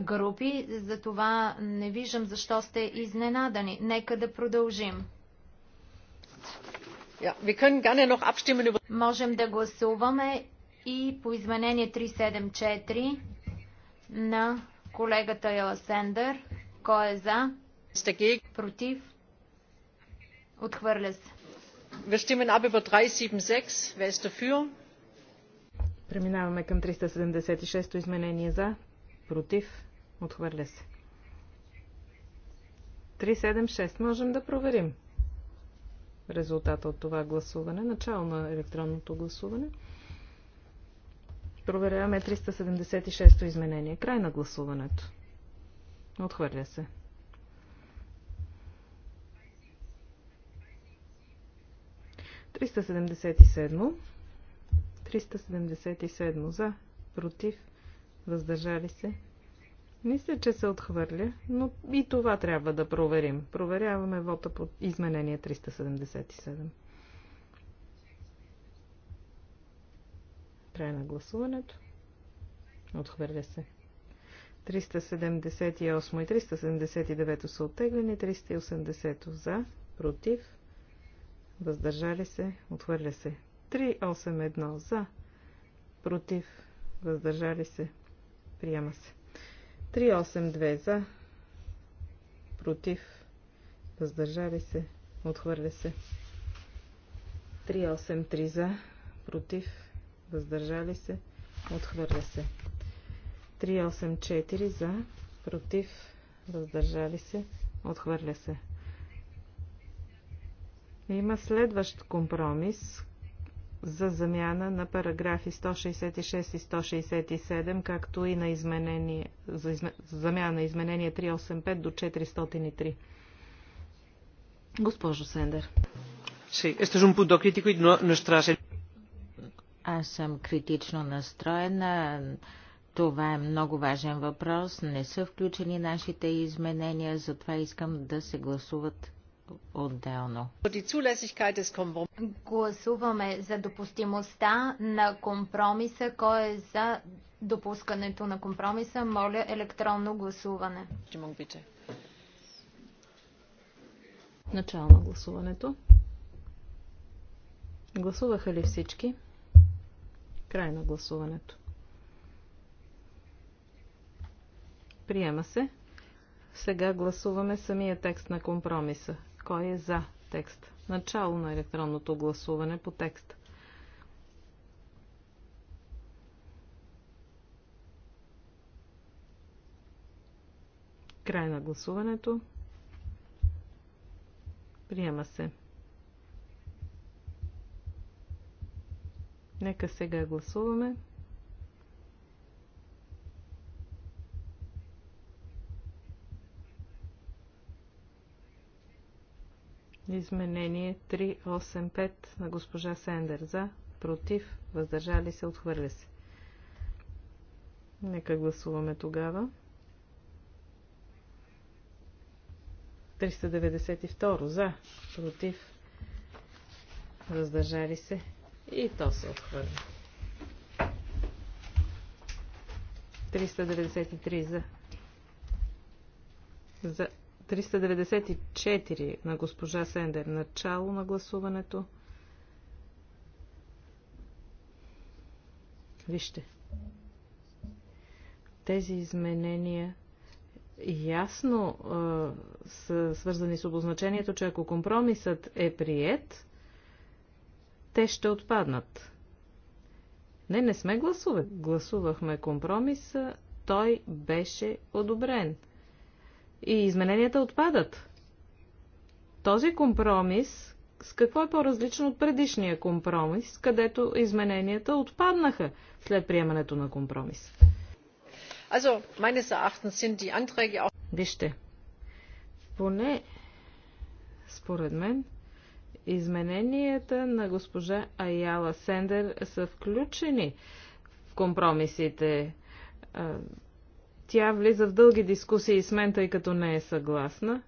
групи. Затова не виждам защо сте изненадани. Нека да продължим. Можем да гласуваме и по изменение 374 на колегата Сендър. Кой е за? Против? Отхвърля се. Wir stimmen ab über 376. Wer ist dafür? Преминаваме към 376-то изменение за, против, отхвърля се. 376 можем да проверим резултата от това гласуване, начало на електронното гласуване. Проверяваме 376-то изменение. Край на гласуването. Отхвърля се. 377. 377 за, против, въздържали се. Мисля, че се отхвърля, но и това трябва да проверим. Проверяваме вота под изменение 377. Край на гласуването. Отхвърля се. 378 и 379 са оттеглени, 380 за, против, въздържали се, отхвърля се. 381 за, против, въздържали се, приема се. 382 за, против, въздържали се, отхвърля се. 383 за, против, въздържали се, отхвърля се. 384 за, против, въздържали се, отхвърля се. Има следващ компромис, за замяна на параграфи 166 и 167, както и на изменение, за изме, замяна на изменение 385 до 403. Госпожо Сендер. Sí, este es un punto crítico y no, nuestras... Аз съм критично настроена. Това е много важен въпрос. Не са включени нашите изменения, затова искам да се гласуват отделно. Гласуваме за допустимостта на компромиса. Кой е за допускането на компромиса? Моля електронно гласуване. Начало на гласуването. Гласуваха ли всички? Край на гласуването. Приема се. Сега гласуваме самия текст на компромиса. Кой е за текст? Начало на електронното гласуване по текст. Край на гласуването. Приема се. Нека сега гласуваме. Изменение 385 на госпожа Сендер. За, против, въздържали се, отхвърля се. Нека гласуваме тогава. 392 за, против, въздържали се и то се отхвърли. 393 за. За 394 на госпожа Сендер. Начало на гласуването. Вижте. Тези изменения ясно а, са свързани с обозначението, че ако компромисът е прият, те ще отпаднат. Не, не сме гласували. Гласувахме компромиса, той беше одобрен и измененията отпадат. Този компромис с какво е по-различно от предишния компромис, където измененията отпаднаха след приемането на компромис? Also, meines Erachtens sind die Anträge auch... Вижте, поне според мен, измененията на госпожа Аяла Сендер са включени в компромисите тя влиза в дълги дискусии с мен, тъй като не е съгласна.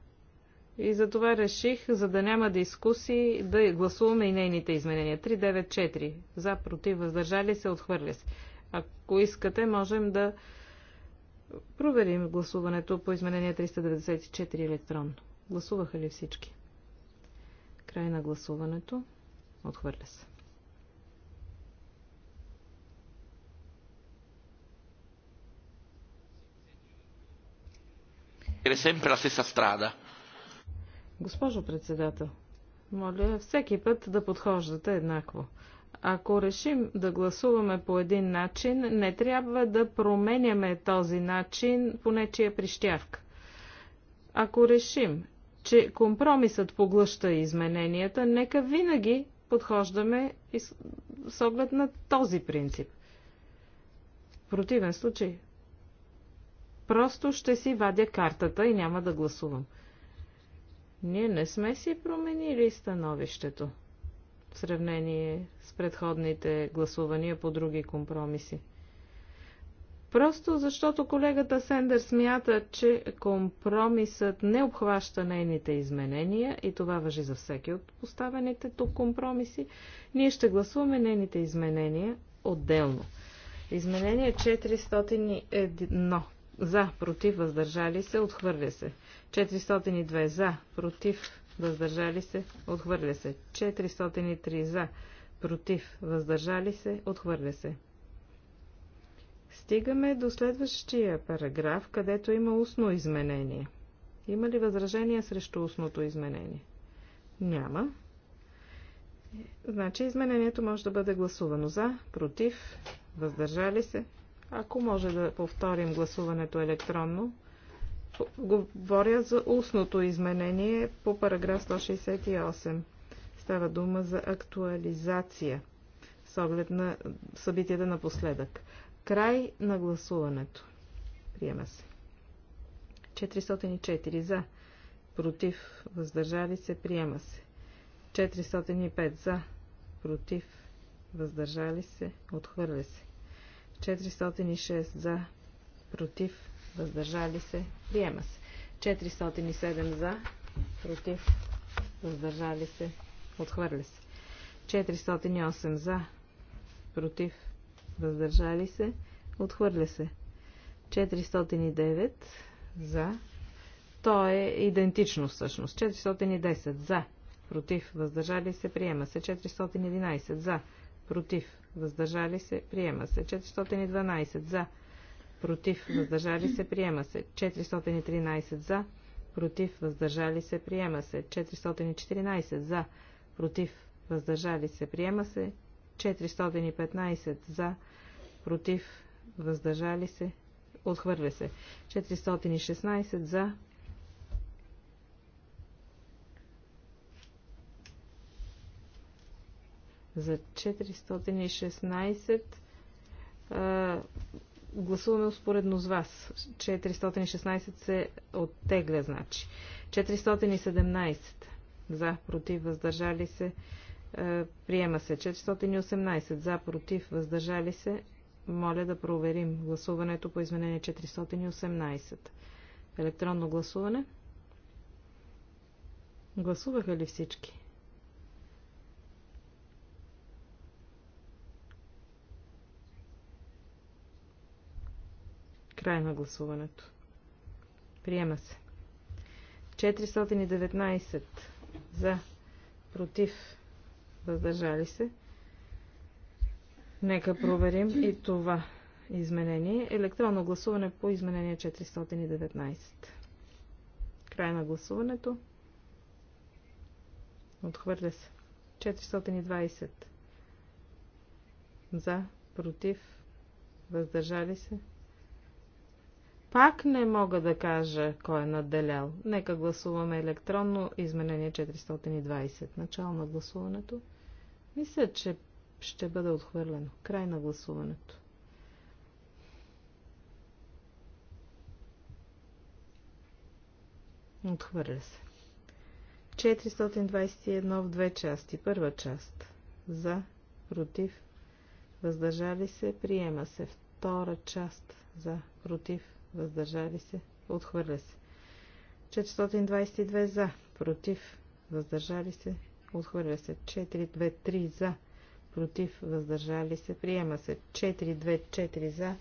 И затова реших, за да няма дискусии, да гласуваме и нейните изменения. 394. За, против, въздържали се, отхвърля се. Ако искате, можем да проверим гласуването по изменение 394 електронно. Гласуваха ли всички? Край на гласуването. Отхвърля се. Госпожо председател, моля всеки път да подхождате еднакво. Ако решим да гласуваме по един начин, не трябва да променяме този начин по нечия е прищявка. Ако решим, че компромисът поглъща измененията, нека винаги подхождаме с оглед на този принцип. В противен случай Просто ще си вадя картата и няма да гласувам. Ние не сме си променили становището в сравнение с предходните гласувания по други компромиси. Просто защото колегата Сендер смята, че компромисът не обхваща нейните изменения и това въжи за всеки от поставените тук компромиси, ние ще гласуваме нейните изменения отделно. Изменение 401 за, против, въздържали се, отхвърля се. 402 за, против, въздържали се, отхвърля се. 403 за, против, въздържали се, отхвърля се. Стигаме до следващия параграф, където има устно изменение. Има ли възражение срещу устното изменение? Няма. Значи изменението може да бъде гласувано за, против, въздържали се, ако може да повторим гласуването електронно, говоря за устното изменение по параграф 168. Става дума за актуализация с оглед на събитията напоследък. Край на гласуването. Приема се. 404 за. Против. Въздържали се. Приема се. 405 за. Против. Въздържали се. Отхвърля се. 406 за, против, въздържали се, приема се. 407 за, против, въздържали се, отхвърля се. 408 за, против, въздържали се, отхвърля се. 409 за, то е идентично всъщност. 410 за, против, въздържали се, приема се. 411 за, против, въздържали се, приема се. 412 за, против, въздържали се, приема се. 413 за, против, въздържали се, приема се. 414 за, против, въздържали се, приема се. 415 за, против, въздържали се, отхвърля се. 416 за, за 416 гласуваме успоредно с вас. 416 се оттегля, значи. 417 за, против, въздържали се, приема се. 418 за, против, въздържали се. Моля да проверим гласуването по изменение 418. Електронно гласуване. Гласуваха ли всички? Край на гласуването. Приема се. 419 за, против, въздържали се. Нека проверим и това изменение. Електронно гласуване по изменение 419. Край на гласуването. Отхвърля се. 420 за, против, въздържали се. Пак не мога да кажа кой е надделял. Нека гласуваме електронно изменение 420. Начало на гласуването. Мисля, че ще бъде отхвърлено. Край на гласуването. Отхвърля се. 421 в две части. Първа част. За, против, въздържали се, приема се. Втора част. За, против, въздържали се, отхвърля се. 422 за, против, въздържали се, отхвърля се. 423 за, против, въздържали се, приема се. 424 за,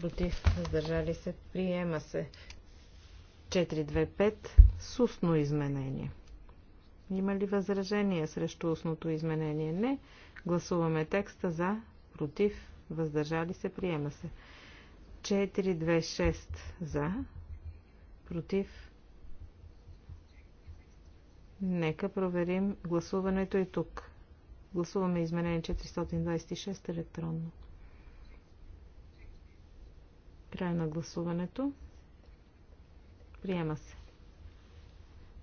против, въздържали се, приема се. 425 с устно изменение. Има ли възражение срещу устното изменение? Не. Гласуваме текста за, против, въздържали се, приема се. 426 за, против. Нека проверим гласуването и тук. Гласуваме изменение 426 електронно. Край на гласуването. Приема се.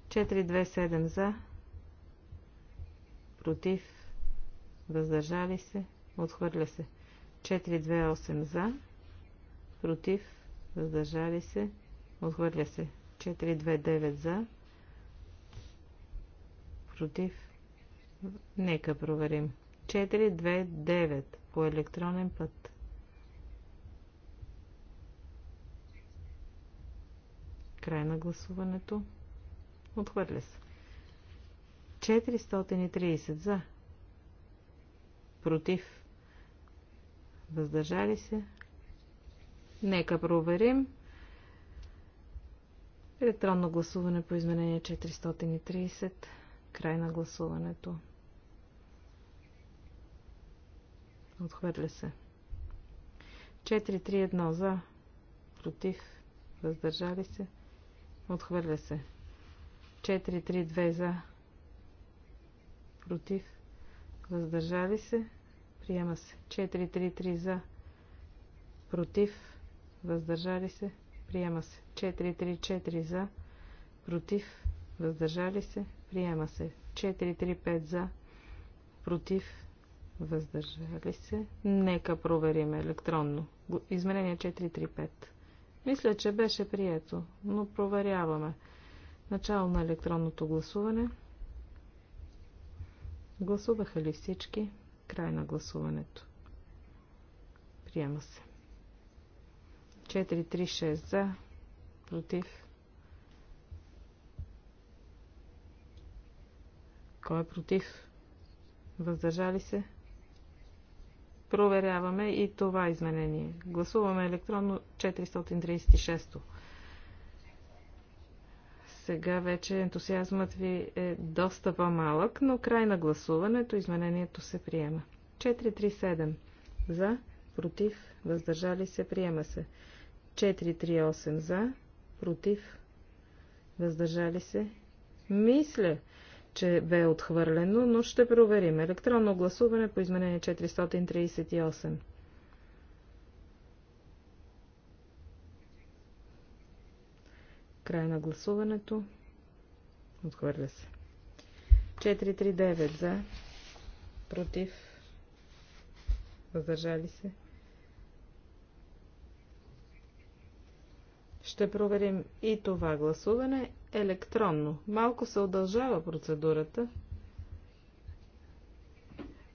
427 за, против, въздържали се, отхвърля се. 428 за, против, въздържали се, отхвърля се. 429 за, против. Нека проверим. 429 по електронен път. Край на гласуването. Отхвърля се. 430 за. Против. Въздържали се. Нека проверим. Електронно гласуване по изменение 430. Край на гласуването. Отхвърля се. 4-3-1 за. Против. Въздържали се. Отхвърля се. 4-3-2 за. Против. Въздържали се. Приема се. 4-3-3 за. Против въздържали се, приема се. 434 за, против, въздържали се, приема се. 435 за, против, въздържали се. Нека проверим електронно. Изменение 435. Мисля, че беше прието, но проверяваме. Начало на електронното гласуване. Гласуваха ли всички? Край на гласуването. Приема се. 436 за, против. Кой е против? Въздържали се? Проверяваме и това изменение. Гласуваме електронно 436-то. Сега вече ентусиазмът ви е доста по-малък, но край на гласуването изменението се приема. 437 за, против, въздържали се, приема се. 438 за, против, въздържали се. Мисля, че бе отхвърлено, но ще проверим. Електронно гласуване по изменение 438. Край на гласуването. Отхвърля се. 439 за, против, въздържали се. Ще проверим и това гласуване електронно. Малко се удължава процедурата,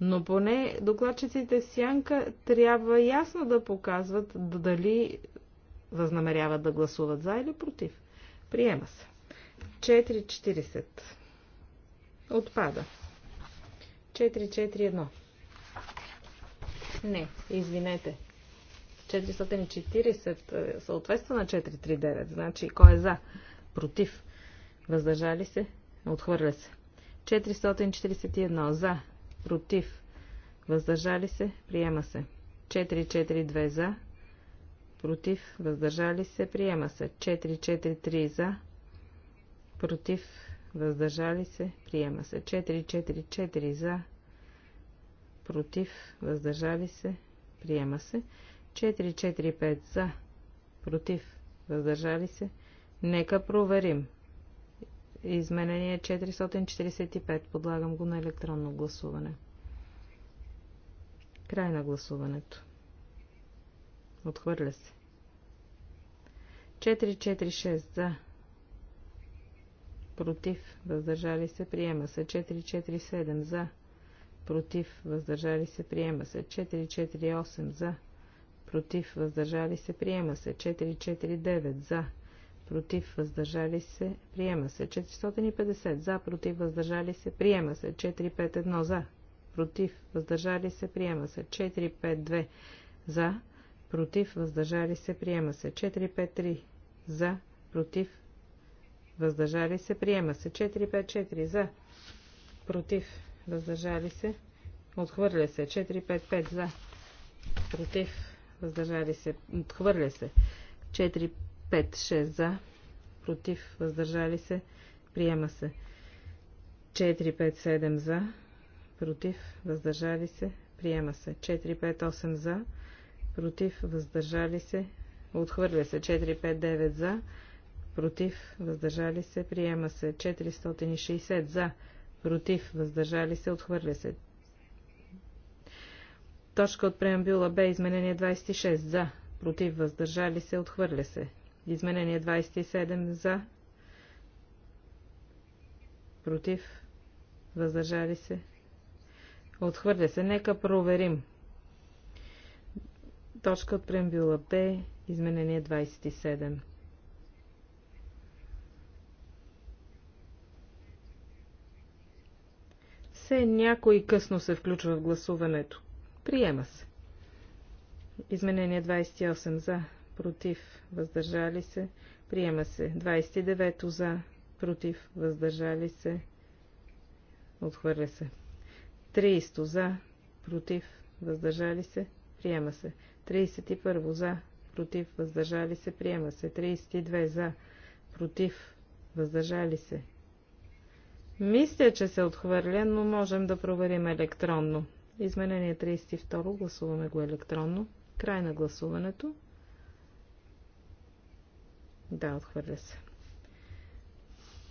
но поне докладчиците сянка трябва ясно да показват дали възнамеряват да гласуват за или против. Приема се. 4.40. Отпада. 4.41. Не, извинете. 4.41. 440 е, съответства на 439. Значи кой е за? Против. Въздържали се? Отхвърля се. 441 за. Против. Въздържали се? Приема се. 442 за. Против. Въздържали се? Приема се. 443 за. Против. Въздържали се? Приема се. 444 за. Против. Въздържали се? Приема се. 445 за, против, въздържали се. Нека проверим. Изменение 445. Подлагам го на електронно гласуване. Край на гласуването. Отхвърля се. 446 за. Против. Въздържали се. Приема се. 447 за. Против. Въздържали се. Приема се. 448 за против, въздържали се, приема се. 449 за, против, въздържали се, приема се. 450 за, против, въздържали се, приема се. 451 за, против, въздържали се, приема се. 452 за, против, въздържали се, приема се. 453 за, против, въздържали се, приема се. 454 за, против, въздържали се, отхвърля се. 455 за, против, въздържали се, отхвърля се. 4, 5, 6 за, против, въздържали се, приема се. 4, 5, 7 за, против, въздържали се, приема се. 4, 5, 8 за, против, въздържали се, отхвърля се. 4, 5, 9 за, против, въздържали се, приема се. 460 за, против, въздържали се, отхвърля се. 460 Точка от преамбюла Б. Изменение 26. За. Против. Въздържали се. Отхвърля се. Изменение 27. За. Против. Въздържали се. Отхвърля се. Нека проверим. Точка от преамбюла Б. Изменение 27. Все някой късно се включва в гласуването. Приема се. Изменение 28 за, против, въздържали се. Приема се. 29 за, против, въздържали се. Отхвърля се. 30 за, против, въздържали се. Приема се. 31 за, против, въздържали се. Приема се. 32 за, против, въздържали се. Мисля, че се отхвърля, но можем да проверим електронно. Изменение 32. Гласуваме го електронно. Край на гласуването. Да, отхвърля се.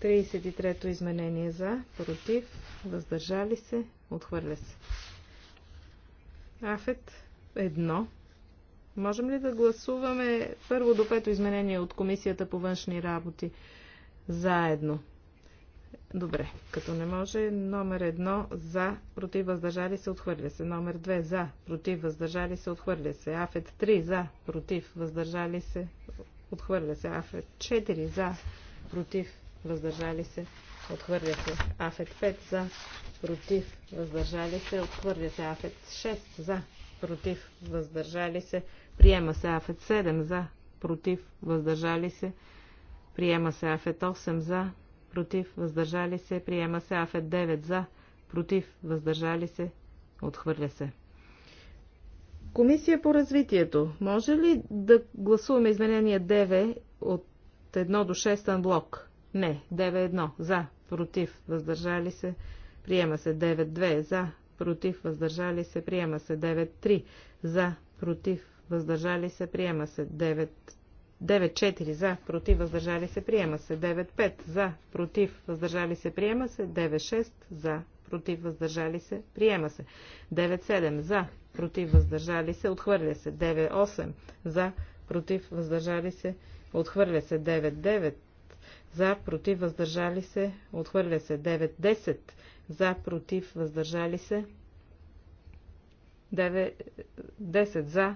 33-то изменение за, против, въздържали се, отхвърля се. Афет Едно. Можем ли да гласуваме първо до пето изменение от Комисията по външни работи заедно? Добре, като не може, номер едно за, против, въздържали се, отхвърля се. Номер две за, против, въздържали се, отхвърля се. Афет 3 за, против, въздържали се, отхвърля се. Афет 4 за, против, въздържали се, отхвърля се. Афет 5 за, против, въздържали се, отхвърля се. Афет 6 за, против, въздържали се, приема се. Афет 7 за, против, въздържали се, приема се. Афет 8 за, против, въздържали се, приема се. Афет 9 за, против, въздържали се, отхвърля се. Комисия по развитието. Може ли да гласуваме изменение 9 от 1 до 6 анблок? Не. 9-1. За. Против. Въздържали се. Приема се. 9-2. За. Против. Въздържали се. Приема се. 9-3. За. Против. Въздържали се. Приема се. 9 9-4 за, против, въздържали се, приема се. 9-5 за, против, въздържали се, приема се. 9-6 за, против, въздържали се, приема се. 9-7 за, против, въздържали се, отхвърля се. 9-8 за, против, въздържали се, отхвърля се. 9-9 за, против, въздържали се, отхвърля се. 9-10 за, против, въздържали се. 9-10 за,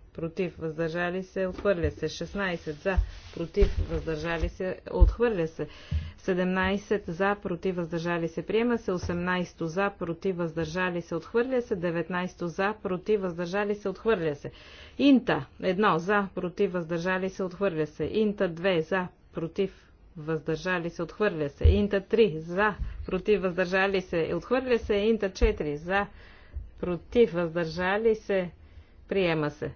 против, въздържали се, отхвърля се. 16 за, против, въздържали се, отхвърля се. 17 за, против, въздържали се, приема се. 18 за, против, въздържали се, отхвърля се. 19 за, против, въздържали се, отхвърля се. Инта 1 за, против, въздържали се, отхвърля се. Инта 2 за, против, въздържали се, отхвърля се. Инта 3 за, против, въздържали се, отхвърля се. Инта 4 за, против, въздържали се, приема се.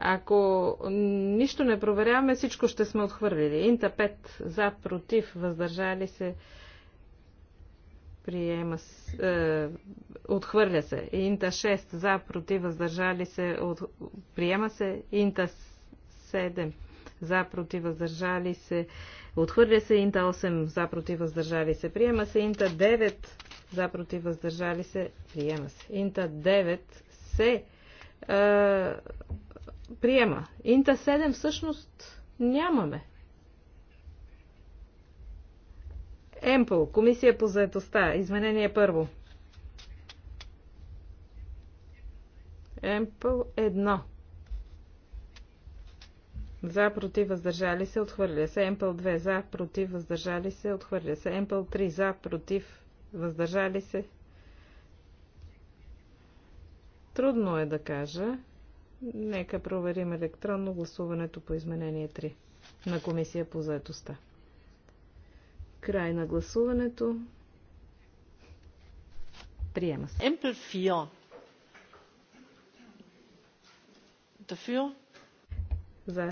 Ако нищо не проверяваме, всичко ще сме отхвърлили. Инта 5 за, против, въздържали се, приема, е, отхвърля се. Инта 6 за, против, въздържали се, от, приема се. Инта 7 за, против, въздържали се, отхвърля се. Инта 8 за, против, въздържали се, приема се. Инта 9 за, против, въздържали се, приема се. Инта 9 се е, Приема. Инта 7 всъщност нямаме. Емпл, Комисия по заедостта, изменение първо. Емпл 1. За, против, въздържали се, отхвърля се. Емпл 2. За, против, въздържали се, отхвърля се. Емпл 3. За, против, въздържали се. Трудно е да кажа. Нека проверим електронно гласуването по изменение 3 на Комисия по заедостта. Край на гласуването. Приема се. Емпл 4. Дафюр. За.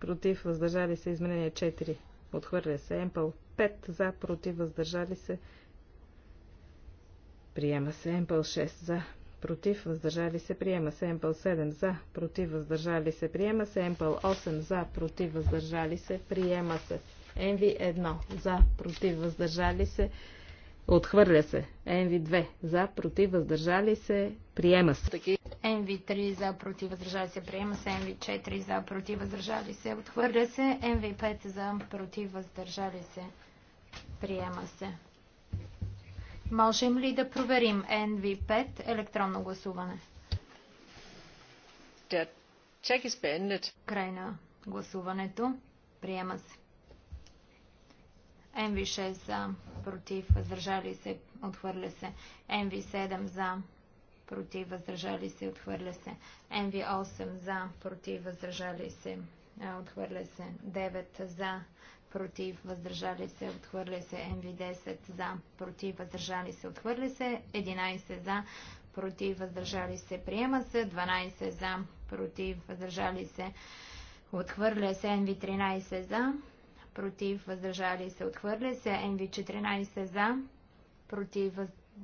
Против. Въздържали се. Изменение 4. Отхвърля се. Емпл 5. За. Против. Въздържали се. Приема се. Емпл 6. За против, въздържали се, приема семпъл 7 за, против, въздържали се, приема семпъл 8 за, против, въздържали се, приема се. Енви 1 за, против, въздържали се, отхвърля се. Енви 2 за, против, въздържали се, приема се. Енви 3 за, против, въздържали се, приема се. Енви 4 за, против, въздържали се, отхвърля се. мв 5 за, против, въздържали се, приема се. Можем ли да проверим NV5 електронно гласуване? Е Край на гласуването. Приема се. nv 6 за, против, въздържали се, отхвърля се. nv 7 за, против, въздържали се, отхвърля се. nv 8 за, против, въздържали се, отхвърля се. 9 за, против, въздържали се, отхвърля се, МВ10 за, против, въздържали се, отхвърля се, 11 за, против, въздържали се, приема се, 12 за, против, въздържали се, отхвърля се, МВ13 за, против, въздържали се, отхвърля се, МВ14 за, против,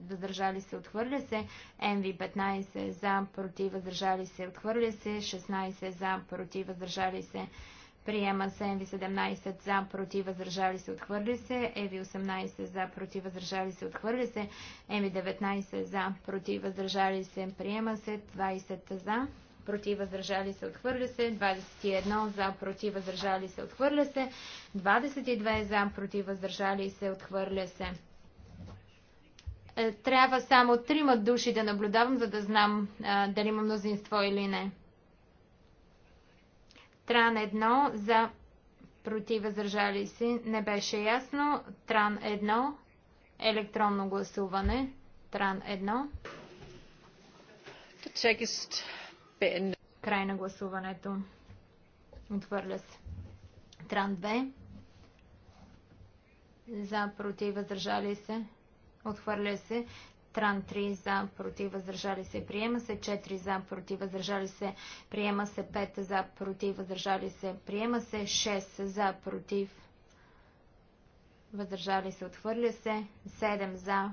въздържали се, отхвърля се, МВ15 за, против, въздържали се, отхвърля се, 16 за, против, въздържали се, отхвърля се, Приема се МВ-17 за, против, въздържали се, отхвърли се. МВ-18 за, против, въздържали се, отхвърли се. МВ-19 за, против, въздържали се, приема се. 20 за, против, въздържали се, отхвърля се. 21 за, против, въздържали се, отхвърля се. 22 за, против, въздържали се, отхвърля се. Е, трябва само трима души да наблюдавам, за да знам а, дали има мнозинство или не. Тран 1 за противъзражали си се не беше ясно. Тран 1 електронно гласуване. Тран 1. Край на гласуването. Отвърля се. Тран 2. За против се. Отхвърля се. Тран 3 за, против, въздържали се, приема се. 4 за, против, въздържали се, приема се. 5 за, против, въздържали се, приема се. 6 за, против, въздържали се, отхвърля се. 7 за,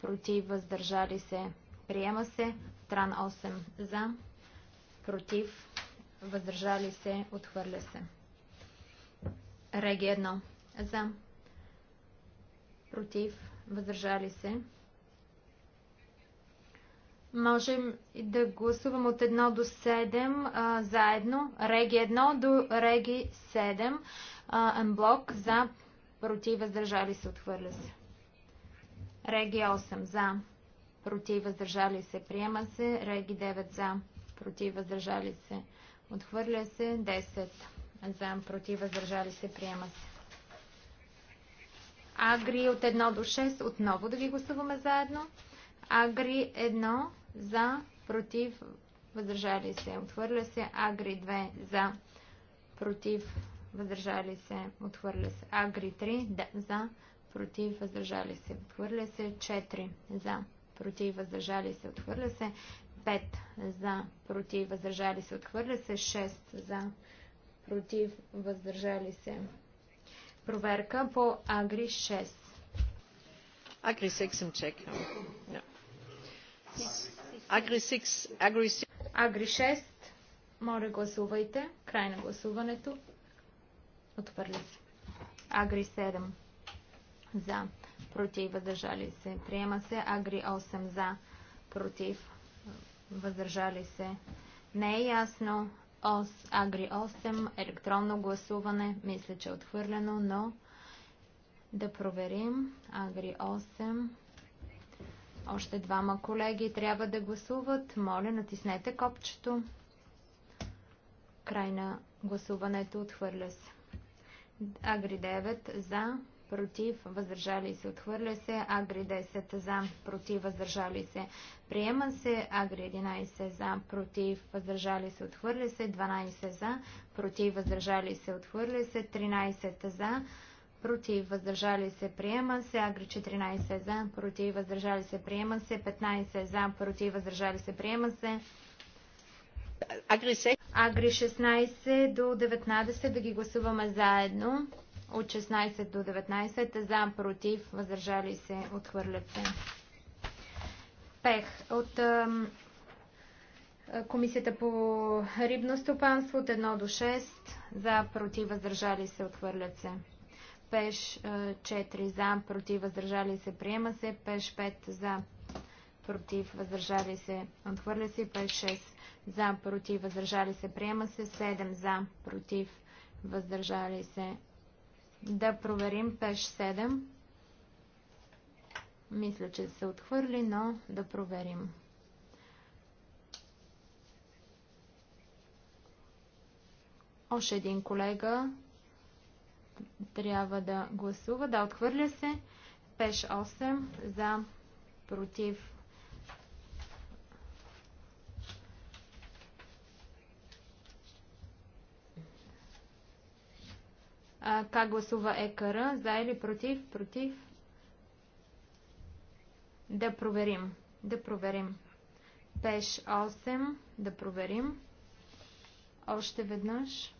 против, въздържали се, приема се. Тран 8 за, против, въздържали се, отхвърля се. Реги 1 за, против, въздържали се, Можем да гласуваме от 1 до 7 а, заедно. Реги 1 до Реги 7. Анблок за, против, въздържали се, отхвърля се. Реги 8 за, против, въздържали се, приема се. Реги 9 за, против, въздържали се, отхвърля се. 10 за, против, въздържали се, приема се. Агри от 1 до 6 отново да ги гласуваме заедно. Агри 1 за, против, въздържали се, отхвърля се. Агри 2 за, против, въздържали се, отхвърля се. Агри 3 да, за, против, въздържали се, отхвърля се. 4 за, против, въздържали се, отхвърля се. 5 за, против, въздържали се, отхвърля се. 6 за, против, въздържали се. Проверка по Агри 6. Агри 6 съм чекал. Yeah. Агри 6. Моля, гласувайте. Край на гласуването. Отвърли се. Агри 7. За. Против. Въздържали се. Приема се. Агри 8. За. Против. Въздържали се. Не е ясно. ОС, Агри 8, електронно гласуване, мисля, че е отхвърлено, но да проверим. Агри 8, още двама колеги трябва да гласуват. Моля, натиснете копчето. Край на гласуването отхвърля се. Агри 9 за, против, въздържали се, отхвърля се. Агри 10 за, против, въздържали се. Приема се. Агри 11 за, против, въздържали се, отхвърля се. 12 за, против, въздържали се, отхвърля се. 13 за, против, въздържали се, приема се. Агри 14 за, против, въздържали се, приема се. 15 за, против, въздържали се, приема се. Агри 16 до 19 да ги гласуваме заедно. От 16 до 19 за, против, въздържали се, отхвърлят се. Пех от Комисията по рибно стопанство от 1 до 6 за, против, въздържали се, отхвърлят се. Пеш 4 е, за, против, въздържали се, приема се. Пеш 5 за, против, въздържали се, отхвърля се. Пеш 6 за, против, въздържали се, приема се. 7 за, против, въздържали се. Да проверим Пеш 7. Мисля, че се отхвърли, но да проверим. Още един колега трябва да гласува. Да, отхвърля се. Пеш 8 за против. А, как гласува ЕКР? За или против? Против. Да проверим. Да проверим. Пеш 8. Да проверим. Още веднъж.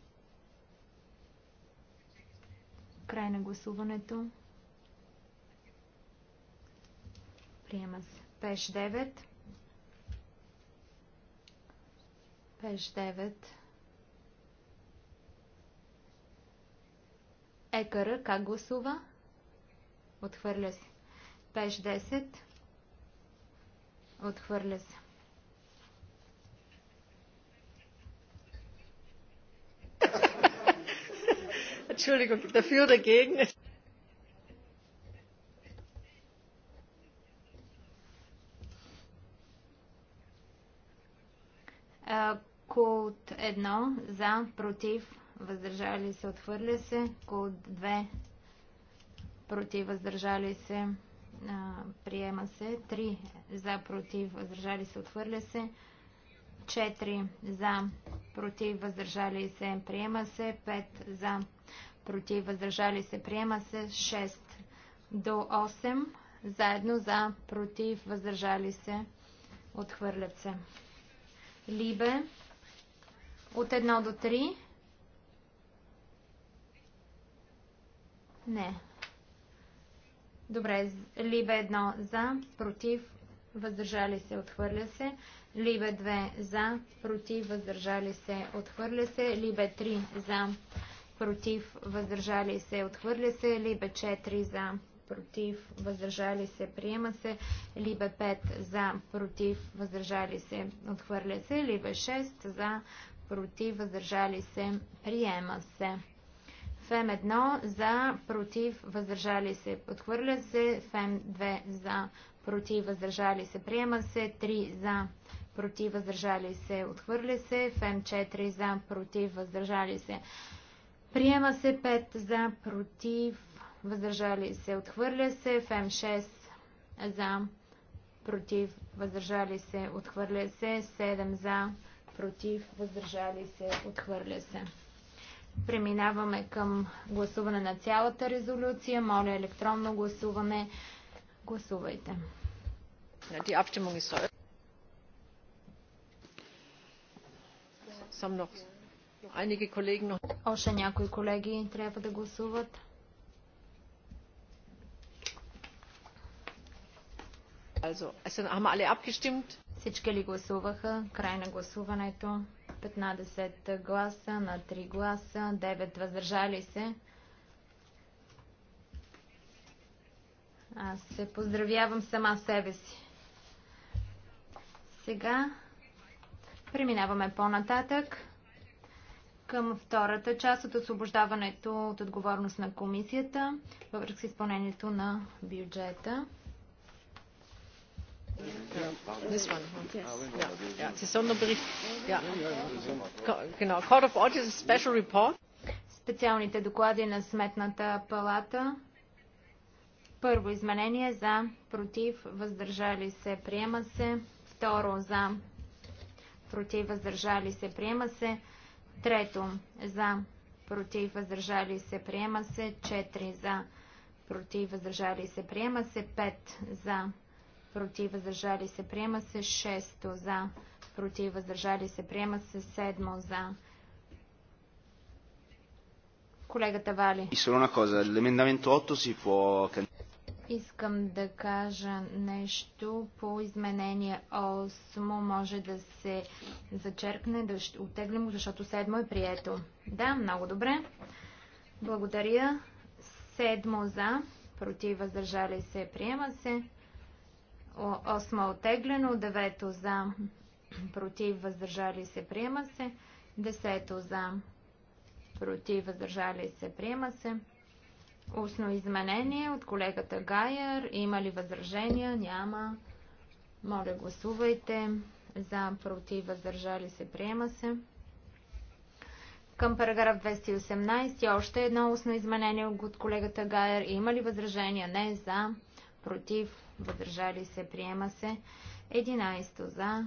Край на гласуването. Приема се. Пеш 9. Пеш 9. Екара как гласува? Отхвърля се. Пеш 10. Отхвърля се. Entschuldigung, dafür, oder dagegen. Е, Код 1 за, против, въздържали се, отхвърля се. Код 2 против, въздържали се, е, приема се. 3 за, против, въздържали се, отхвърля се. 4 за, против, въздържали се, приема се. 5 за, против, въздържали се, приема се. 6 до 8 заедно за, против, въздържали се, отхвърлят се. Либе от 1 до 3. Не. Добре, либе 1 за, против, въздържали се, отхвърля се. Либе 2 за, против, въздържали се, отхвърля се. Либе 3 за, против, въздържали се, отхвърля се. Либе 4 за, против, въздържали се, приема се. Либе 5 за, против, въздържали се, отхвърля се. Либе 6 за, против, въздържали се, приема се. ФЕМ 1 за, против, въздържали се, отхвърля се. ФЕМ 2 за, против въздържали се, приема се 3 за, против въздържали се, отхвърля се, фем 4 за, против въздържали се, приема се 5 за, против въздържали се, отхвърля се, Фем 6 за, против въздържали се, отхвърля се, 7 за, против въздържали се, отхвърля се. Преминаваме към гласуване на цялата резолюция. Моля електронно гласуване. Гласувайте. Die Abstimmung ist noch. Einige Kollegen noch. Още някои колеги трябва да гласуват. Also, es sind, haben alle abgestimmt? Всички ли гласуваха? Край на гласуването. 15 гласа на 3 гласа, 9 въздържали се. Аз се поздравявам сама себе си. Сега преминаваме по-нататък към втората част от освобождаването от отговорност на комисията във връзка с изпълнението на бюджета. Специалните доклади на Сметната палата първо изменение за, против, въздържали се, приема се. Второ за, против, въздържали се, приема се. Трето за, против, въздържали се, приема се. Четири за, против, въздържали се, приема се. Пет за, против, въздържали се, приема се. Шесто за, против, въздържали се, приема се. Седмо за, Колегата Вали. И само една cosa, l'emendamento 8 si può искам да кажа нещо по изменение 8. Може да се зачеркне, да оттеглим, защото 7 е прието. Да, много добре. Благодаря. 7 за, против, въздържали се, приема се. 8 е оттеглено, 9 за, против, въздържали се, приема се. 10 за, против, въздържали се, приема се. Устно изменение от колегата Гайер. Има ли възражения? Няма. Моля, гласувайте. За, против, въздържали се, приема се. Към параграф 218 е още едно устно изменение от колегата Гайер. Има ли възражения? Не. За, против, въздържали се, приема се. 11 за,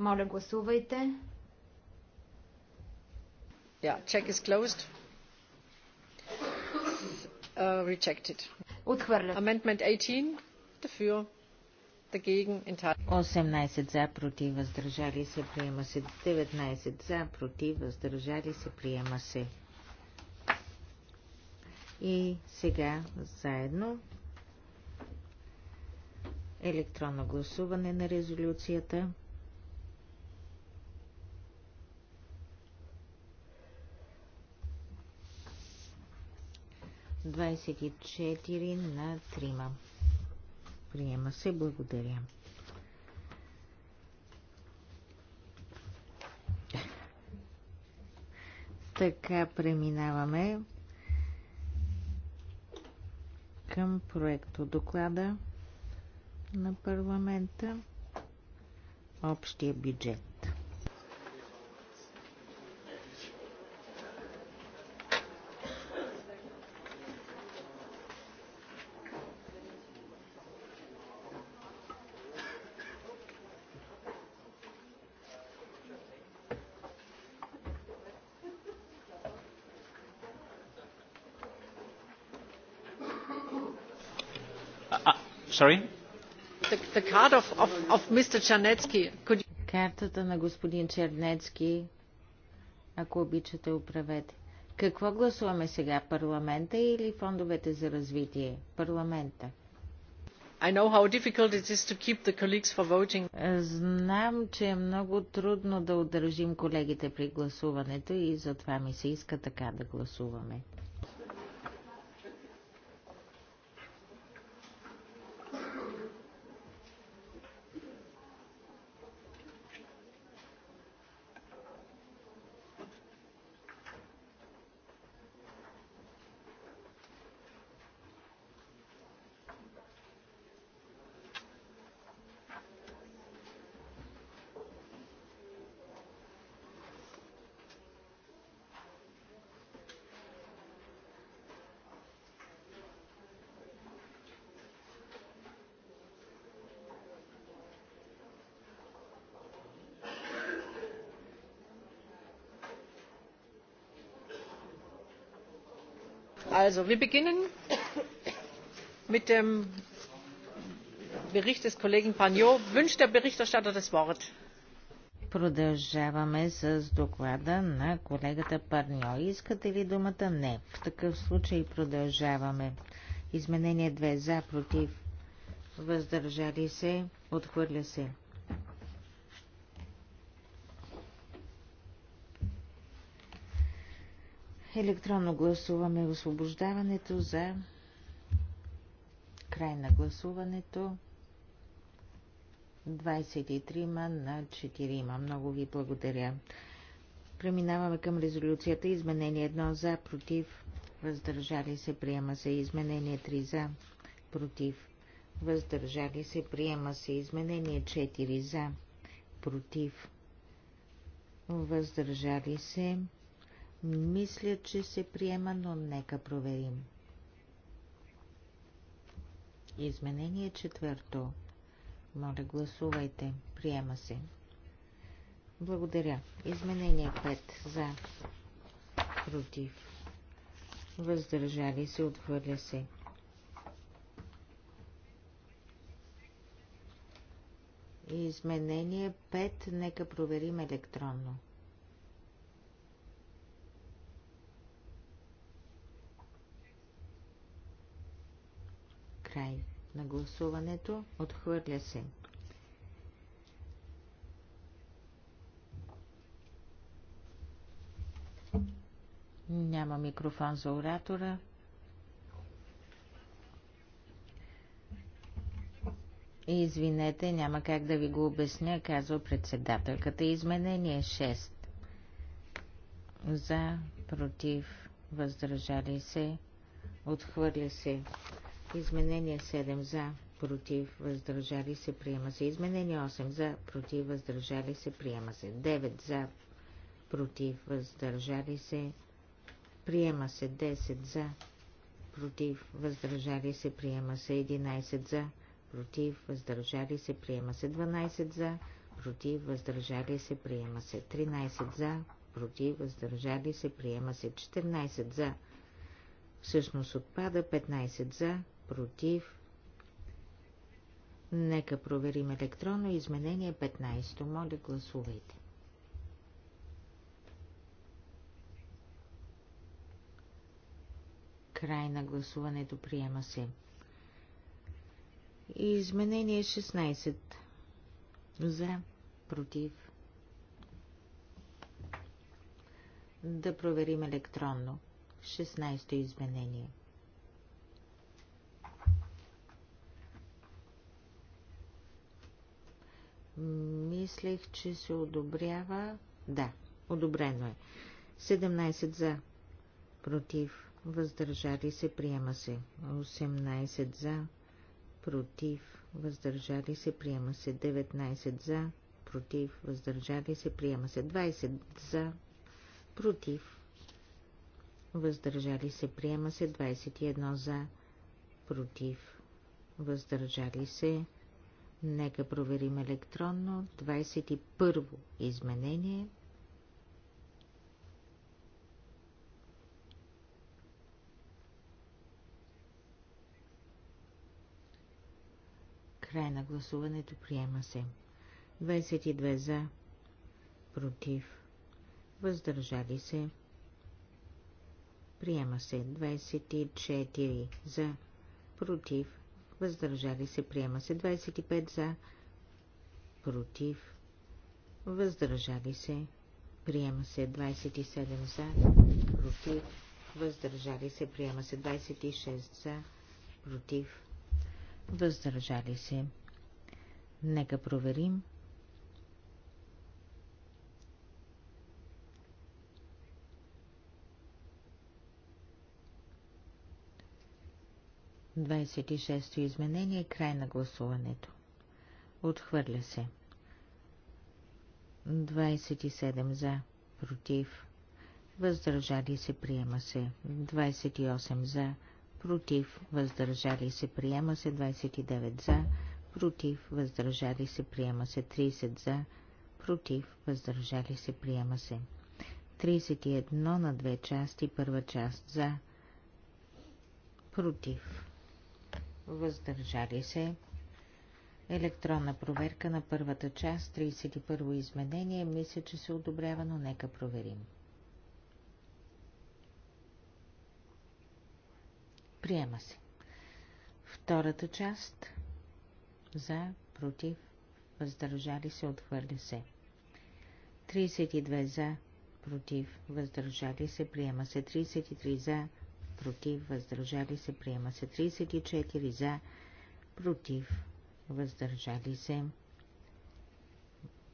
Моля, гласувайте. Yeah, check is closed. Uh, rejected. Отхвърлят. Amendment 18. Dafür. Dagegen. 18 за, против, въздържали се, приема се. 19 за, против, въздържали се, приема се. И сега заедно електронно гласуване на резолюцията. 24 на 3. Приема се. Благодаря. Така преминаваме към проекто доклада на парламента Общия бюджет. Картата на господин Чернецки, ако обичате, управете. Какво гласуваме сега? Парламента или фондовете за развитие? Парламента. I know how difficult it is to keep the colleagues for voting. Знам, че е много трудно да удържим колегите при гласуването и затова ми се иска така да гласуваме. Also, wir beginnen mit dem Bericht des Kollegen Pagnot. Wünscht der Berichterstatter das Wort? Продължаваме с доклада на колегата Парньо. Искате ли думата? Не. В такъв случай продължаваме. Изменение 2 за, против, въздържали се, отхвърля се. Електронно гласуваме освобождаването за край на гласуването. 23 на 4. Много ви благодаря. Преминаваме към резолюцията. Изменение 1 за, против, въздържали се, приема се. Изменение 3 за, против, въздържали се, приема се. Изменение 4 за, против, въздържали се, мисля, че се приема, но нека проверим. Изменение четвърто. Моля, гласувайте. Приема се. Благодаря. Изменение 5. За. Против. Въздържали се. Отхвърля се. Изменение 5. Нека проверим електронно. 5. Край на гласуването. Отхвърля се. Няма микрофон за оратора. Извинете, няма как да ви го обясня, казва председателката. Изменение 6. За, против, въздържали се, отхвърля се. Изменение 7 за, против, въздържали се, приема се. Изменение 8 за, против, въздържали се, приема се. 9 за, против, въздържали се, приема се. 10 за, против, въздържали се, приема се. 11 за, против, въздържали се, приема се. 12 за, против, въздържали се, приема се. 13 за, против, въздържали се, приема се. 14 за, всъщност отпада. 15 за, против. Нека проверим електронно изменение 15. Моля, гласувайте. Край на гласуването приема се. Изменение 16. За, против. Да проверим електронно. 16 изменение. 16. Мислех, че се одобрява. Да, одобрено е. 17 за. Против. Въздържали се. Приема се. 18 за. Против. Въздържали се. Приема се. 19 за. Против. Въздържали се. Приема се. 20 за. Против. Въздържали се. Приема се. 21 за. Против. Въздържали се. Нека проверим електронно. 21 во изменение. Край на гласуването приема се. 22 за, против, въздържали се. Приема се 24 за, против, въздържали се, приема се 25 за, против, въздържали се, приема се 27 за, против, въздържали се, приема се 26 за, против, въздържали се. Нека проверим 26-то изменение, край на гласуването. Отхвърля се. 27 за, против, въздържали се, приема се. 28 за, против, въздържали се, приема се. 29 за, против, въздържали се, приема се. 30 за, против, въздържали се, приема се. 31 на две части, първа част за, против, въздържали се. Електронна проверка на първата част, 31 во изменение, мисля, че се одобрява, но нека проверим. Приема се. Втората част за, против, въздържали се, отхвърля се. 32 за, против, въздържали се, приема се. 33 за, против, въздържали се, приема се 34 за, против, въздържали се.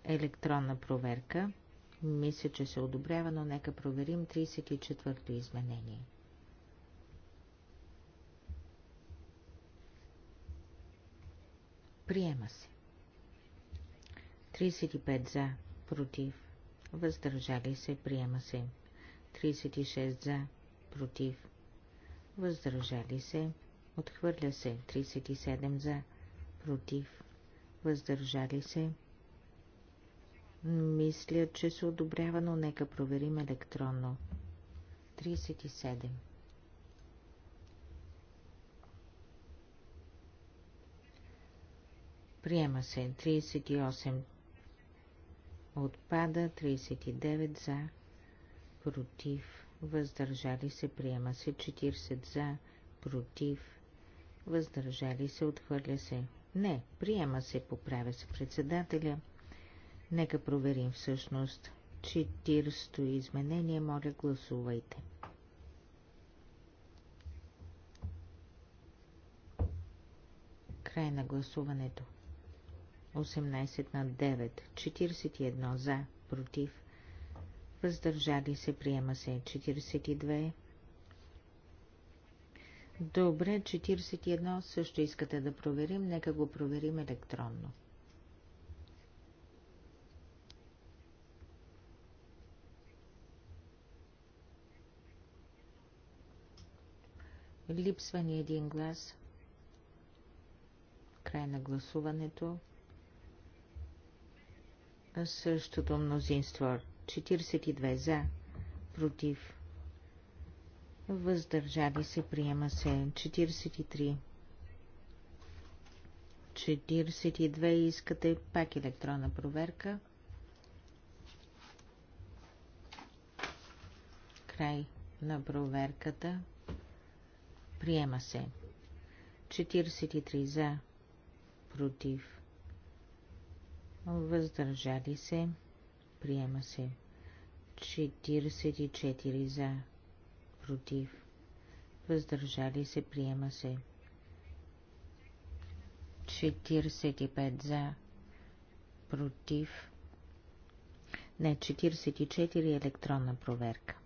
Електронна проверка. Мисля, че се одобрява, но нека проверим 34-то изменение. Приема се. 35 за, против, въздържали се, приема се. 36 за, против, въздържали се, отхвърля се 37 за, против, въздържали се. Мисля, че се одобрява, но нека проверим електронно. 37. Приема се 38. Отпада 39 за, против, въздържали се, приема се 40 за, против, въздържали се, отхвърля се. Не, приема се, поправя се председателя. Нека проверим всъщност. 40 изменение, моля гласувайте. Край на гласуването. 18 на 9, 41 за, против, въздържали се, приема се 42. Добре, 41 също искате да проверим, нека го проверим електронно. Липсва ни един глас. Край на гласуването. Същото мнозинство 42 за, против, въздържали се, приема се 43. 42 искате пак електронна проверка. Край на проверката. Приема се. 43 за, против, въздържали се, Приема се. 44 за. Против. Въздържали се. Приема се. 45 за. Против. Не, 44 е електронна проверка.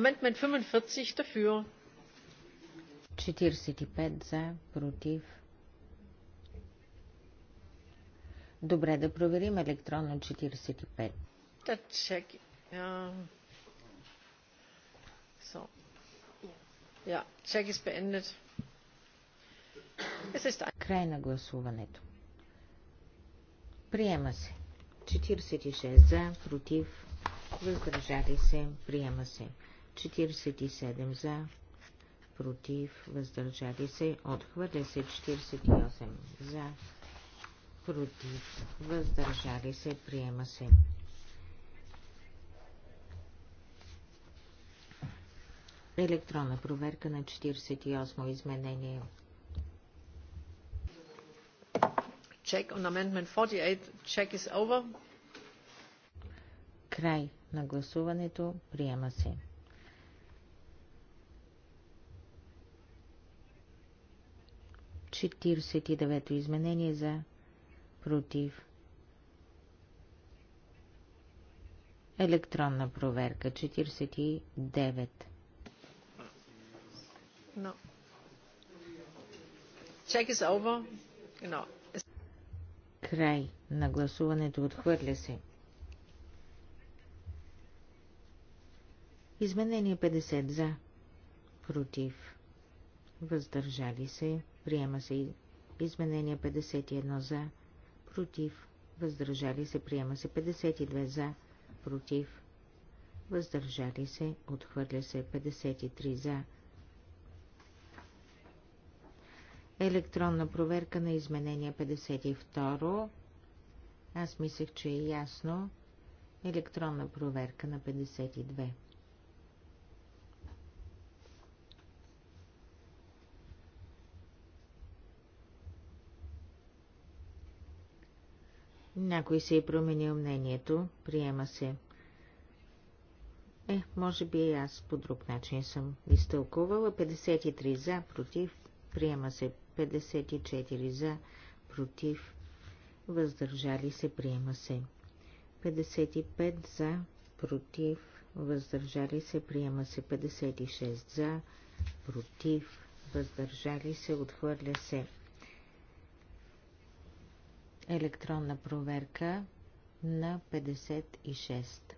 Amendment 45 dafür. 45 за, против. Добре, да проверим електронно 45. Да, чеки. Ja. Ja, check beendet. Es ist Край на гласуването. Приема се. 46 за, против, въздържали се, приема се. 47 за, против, въздържали се, отхвърля се 48 за, против, въздържали се, приема се. Електронна проверка на 48 изменение. Check on amendment 48. Check is over. Край на гласуването. Приема се. 49-то изменение за против. Електронна проверка 49. No. Check is over. No. Край на гласуването отхвърля се. Изменение 50 за. Против. Въздържали се. Приема се изменение 51 за, против, въздържали се. Приема се 52 за, против, въздържали се. Отхвърля се 53 за. Електронна проверка на изменение 52. Аз мислех, че е ясно. Електронна проверка на 52. Някой се е променил мнението, приема се. Е, може би и аз по друг начин съм изтълкувала. 53 за, против, приема се. 54 за, против, въздържали се, приема се. 55 за, против, въздържали се, приема се. 56 за, против, въздържали се, отхвърля се електронна проверка на 56.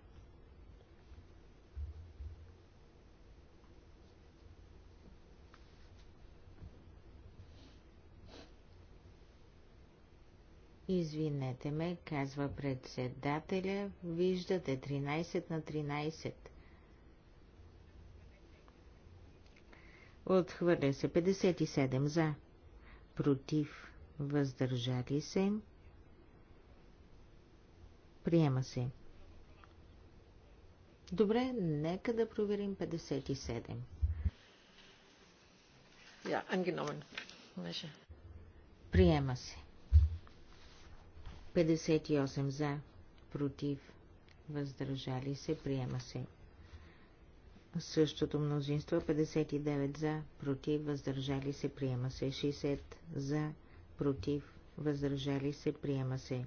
Извинете ме, казва председателя, виждате 13 на 13. Отхвърля се 57 за, против, въздържали се Приема се. Добре, нека да проверим 57. Ja, angenommen. Приема се. 58 за, против, въздържали се, приема се. Същото мнозинство 59 за, против, въздържали се, приема се. 60 за, против, въздържали се, приема се.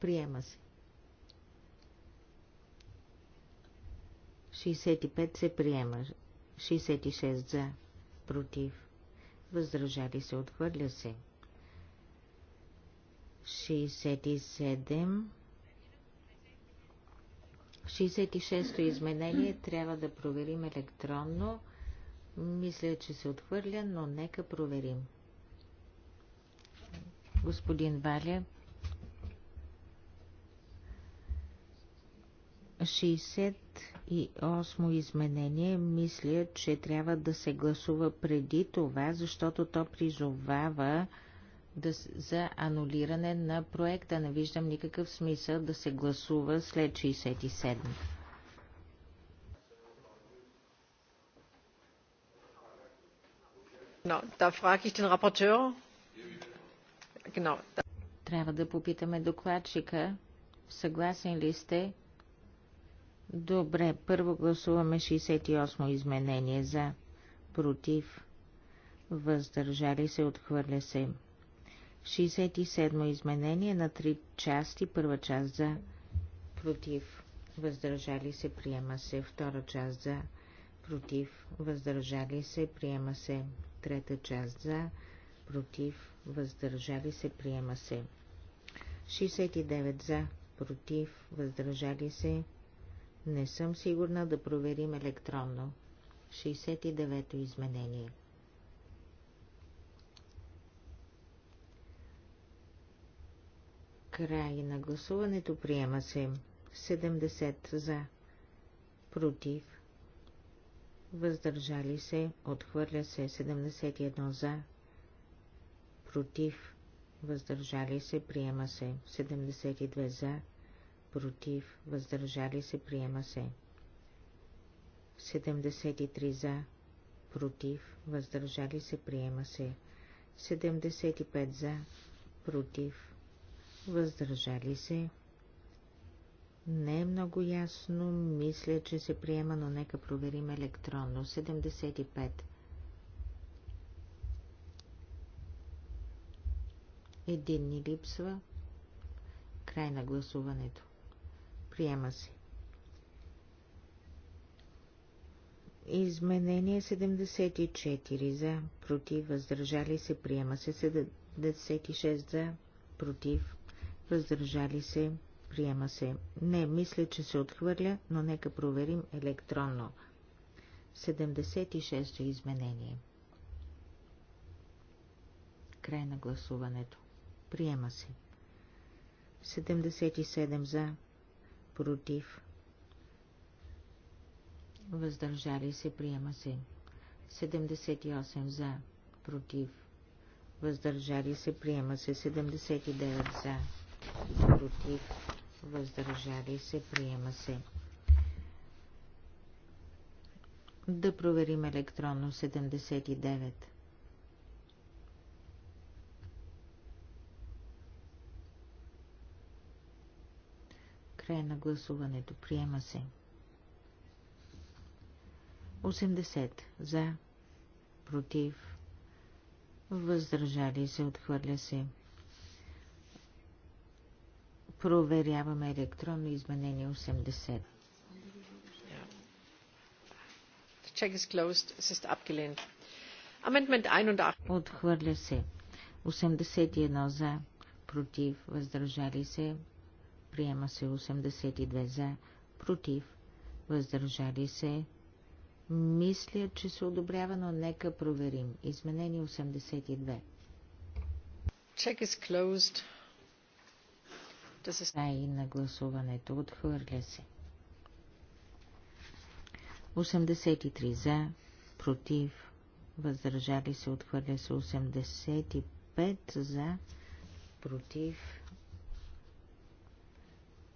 Приема се. 65 се приема. 66 за. Против. Въздържали се. Отхвърля се. 67. 66-то изменение трябва да проверим електронно. Мисля, че се отхвърля, но нека проверим. Господин Валя, 68 изменение мисля, че трябва да се гласува преди това, защото то призовава да, за анулиране на проекта. Не виждам никакъв смисъл да се гласува след 67. Трябва да попитаме докладчика, съгласен ли сте Добре, първо гласуваме 68 изменение за, против, въздържали се, отхвърля се. 67 изменение на три части, първа част за, против, въздържали се, приема се, втора част за, против, въздържали се, приема се, трета част за, против, въздържали се, приема се. 69 за, против, въздържали се, не съм сигурна да проверим електронно. 69-то изменение. Край на гласуването приема се 70 за, против, въздържали се, отхвърля се 71 за, против, въздържали се, приема се 72 за, против, въздържали се, приема се. 73 за, против, въздържали се, приема се. 75 за, против, въздържали се. Не е много ясно, мисля, че се приема, но нека проверим електронно. 75. Един ни липсва. Край на гласуването. Приема се. Изменение 74 за, против, въздържали се, приема се 76 за, против, въздържали се, приема се. Не, мисля, че се отхвърля, но нека проверим електронно. 76-то изменение. Край на гласуването. Приема се. 77 за, против, въздържали се, приема се. 78 за, против, въздържали се, приема се. 79 за, против, въздържали се, приема се. Да проверим електронно 79. края на гласуването. Приема се. 80. За. Против. Въздържали се. Отхвърля се. Проверяваме електронно изменение 80. Check is closed. Es ist abgelehnt. Amendment 81. Отхвърля се. 81 за, против, въздържали се, Приема се 82 за, против, въздържали се. Мисля, че се одобрява, но нека проверим. Изменение 82. Check is closed. Is... Да, и на гласуването отхвърля се. 83 за, против, въздържали се, отхвърля се 85 за, против,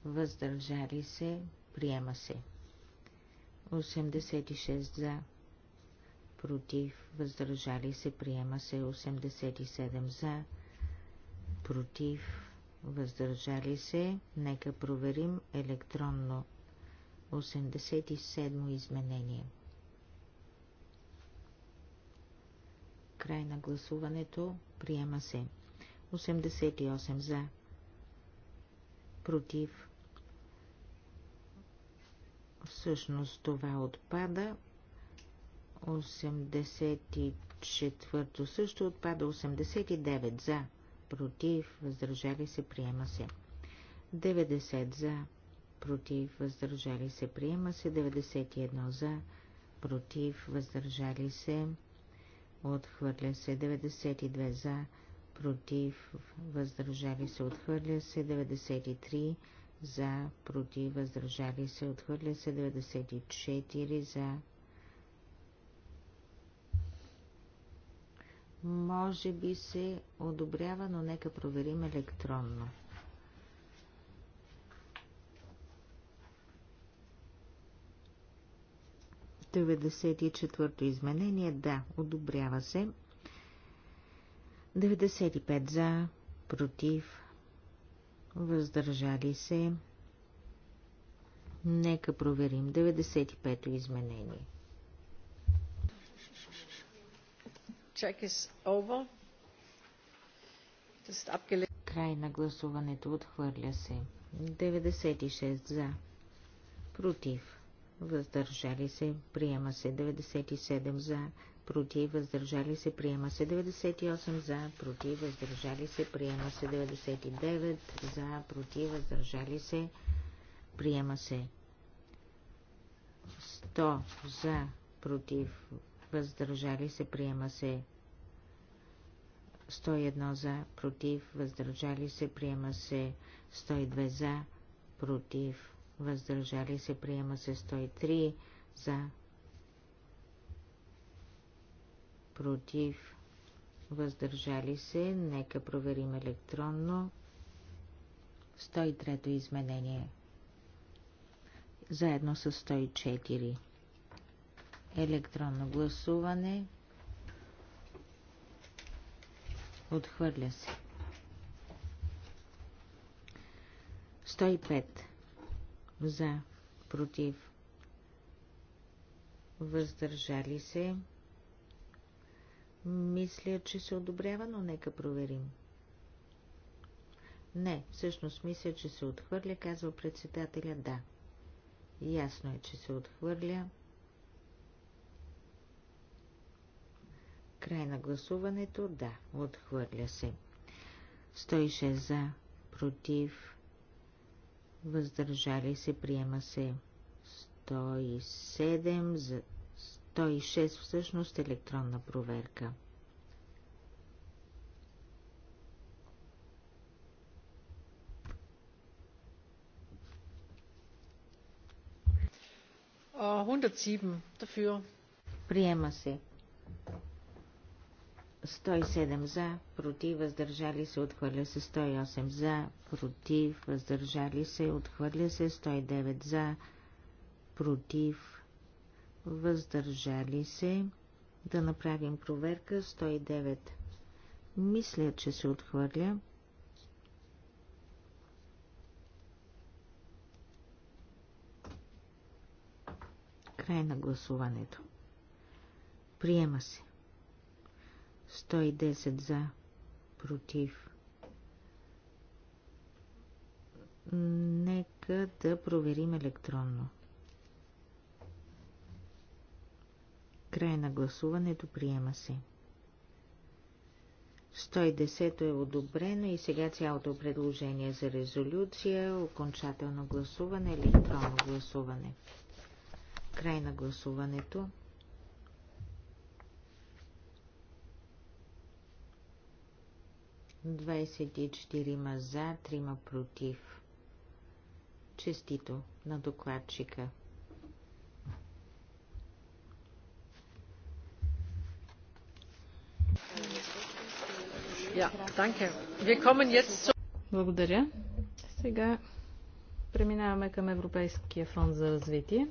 въздържали се, приема се. 86 за, против, въздържали се, приема се. 87 за, против, въздържали се. Нека проверим електронно. 87 изменение. Край на гласуването. Приема се. 88 за. Против. Всъщност това отпада. 84 също отпада. 89 за. Против. Въздържали се. Приема се. 90 за. Против. Въздържали се. Приема се. 91 за. Против. Въздържали се. Отхвърля се. 92 за. Против. Въздържали се. Отхвърля се. 93 за, против, въздържали се, отхвърля се 94 за. Може би се одобрява, но нека проверим електронно. Деветдесет четвърто изменение, да, одобрява се. 95 за, против, въздържали се. Нека проверим 95-то изменение. Check is over. Край на гласуването отхвърля се. 96 за. Против. Въздържали се. Приема се 97 за против, въздържали се, приема се 98 за, против, въздържали се, приема се 99 за, против, въздържали се, приема се 100 за, против, въздържали се, приема се 101 за, против, въздържали се, приема се 102 за, против, въздържали се, приема се 103 за, против, въздържали се, нека проверим електронно. 103-то изменение. Заедно с 104. Електронно гласуване. Отхвърля се. 105. За. Против. Въздържали се. Мисля, че се одобрява, но нека проверим. Не, всъщност мисля, че се отхвърля, казва председателя да. Ясно е, че се отхвърля. Край на гласуването, да, отхвърля се. 106 за, против, въздържали се, приема се. 107 за, 106 всъщност електронна проверка. 107 Приема се. 107 за, против, въздържали се, отхвърля се 108 за, против, въздържали се, отхвърля се 109 за, против, въздържали се, да направим проверка 109. Мисля, че се отхвърля. Край на гласуването. Приема се. 110 за, против. Нека да проверим електронно. 110. Край на гласуването приема се. 110 е одобрено и сега цялото предложение за резолюция, окончателно гласуване, електронно гласуване. Край на гласуването. Двадесет и четирима за, трима против. Честито на докладчика. Благодаря. Сега преминаваме към Европейския фонд за развитие.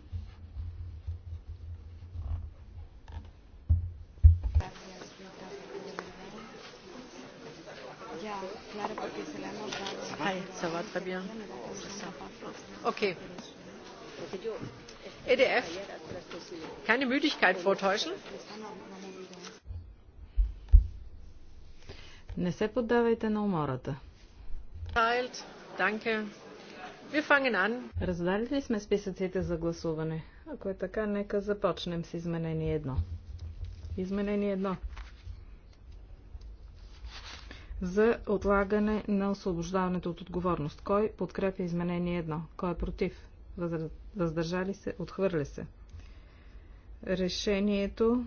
Okay. EDF, keine Müdigkeit vortäuschen. Не се поддавайте на умората. Раздали ли сме списъците за гласуване? Ако е така, нека започнем с изменение 1. Изменение 1. За отлагане на освобождаването от отговорност. Кой подкрепя изменение 1? Кой е против? Въздържали се? Отхвърля се. Решението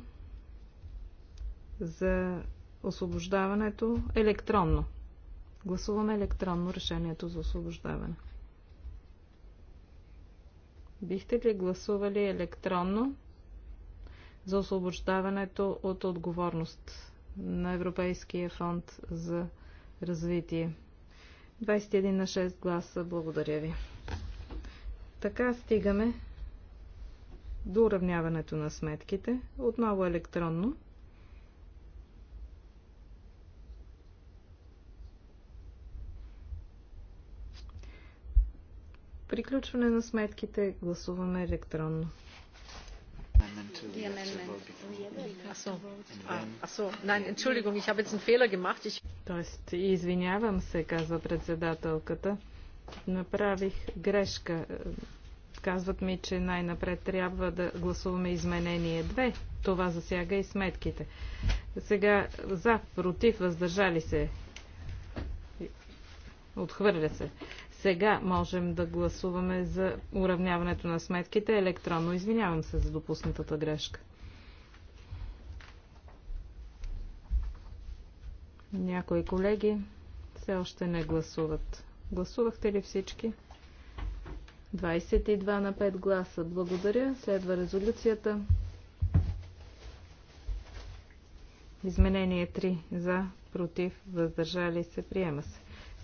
за освобождаването електронно. Гласуваме електронно решението за освобождаване. Бихте ли гласували електронно за освобождаването от отговорност на Европейския фонд за развитие? 21 на 6 гласа. Благодаря ви. Така стигаме до уравняването на сметките. Отново електронно. Приключване на сметките. Гласуваме електронно. Тоест, извинявам се, казва председателката. Направих грешка. Казват ми, че най-напред трябва да гласуваме изменение 2. Това засяга и сметките. Сега за, против, въздържали се. Отхвърля се. Сега можем да гласуваме за уравняването на сметките електронно. Извинявам се за допуснатата грешка. Някои колеги все още не гласуват. Гласувахте ли всички? 22 на 5 гласа. Благодаря. Следва резолюцията. Изменение 3 за, против, въздържали се, приема се.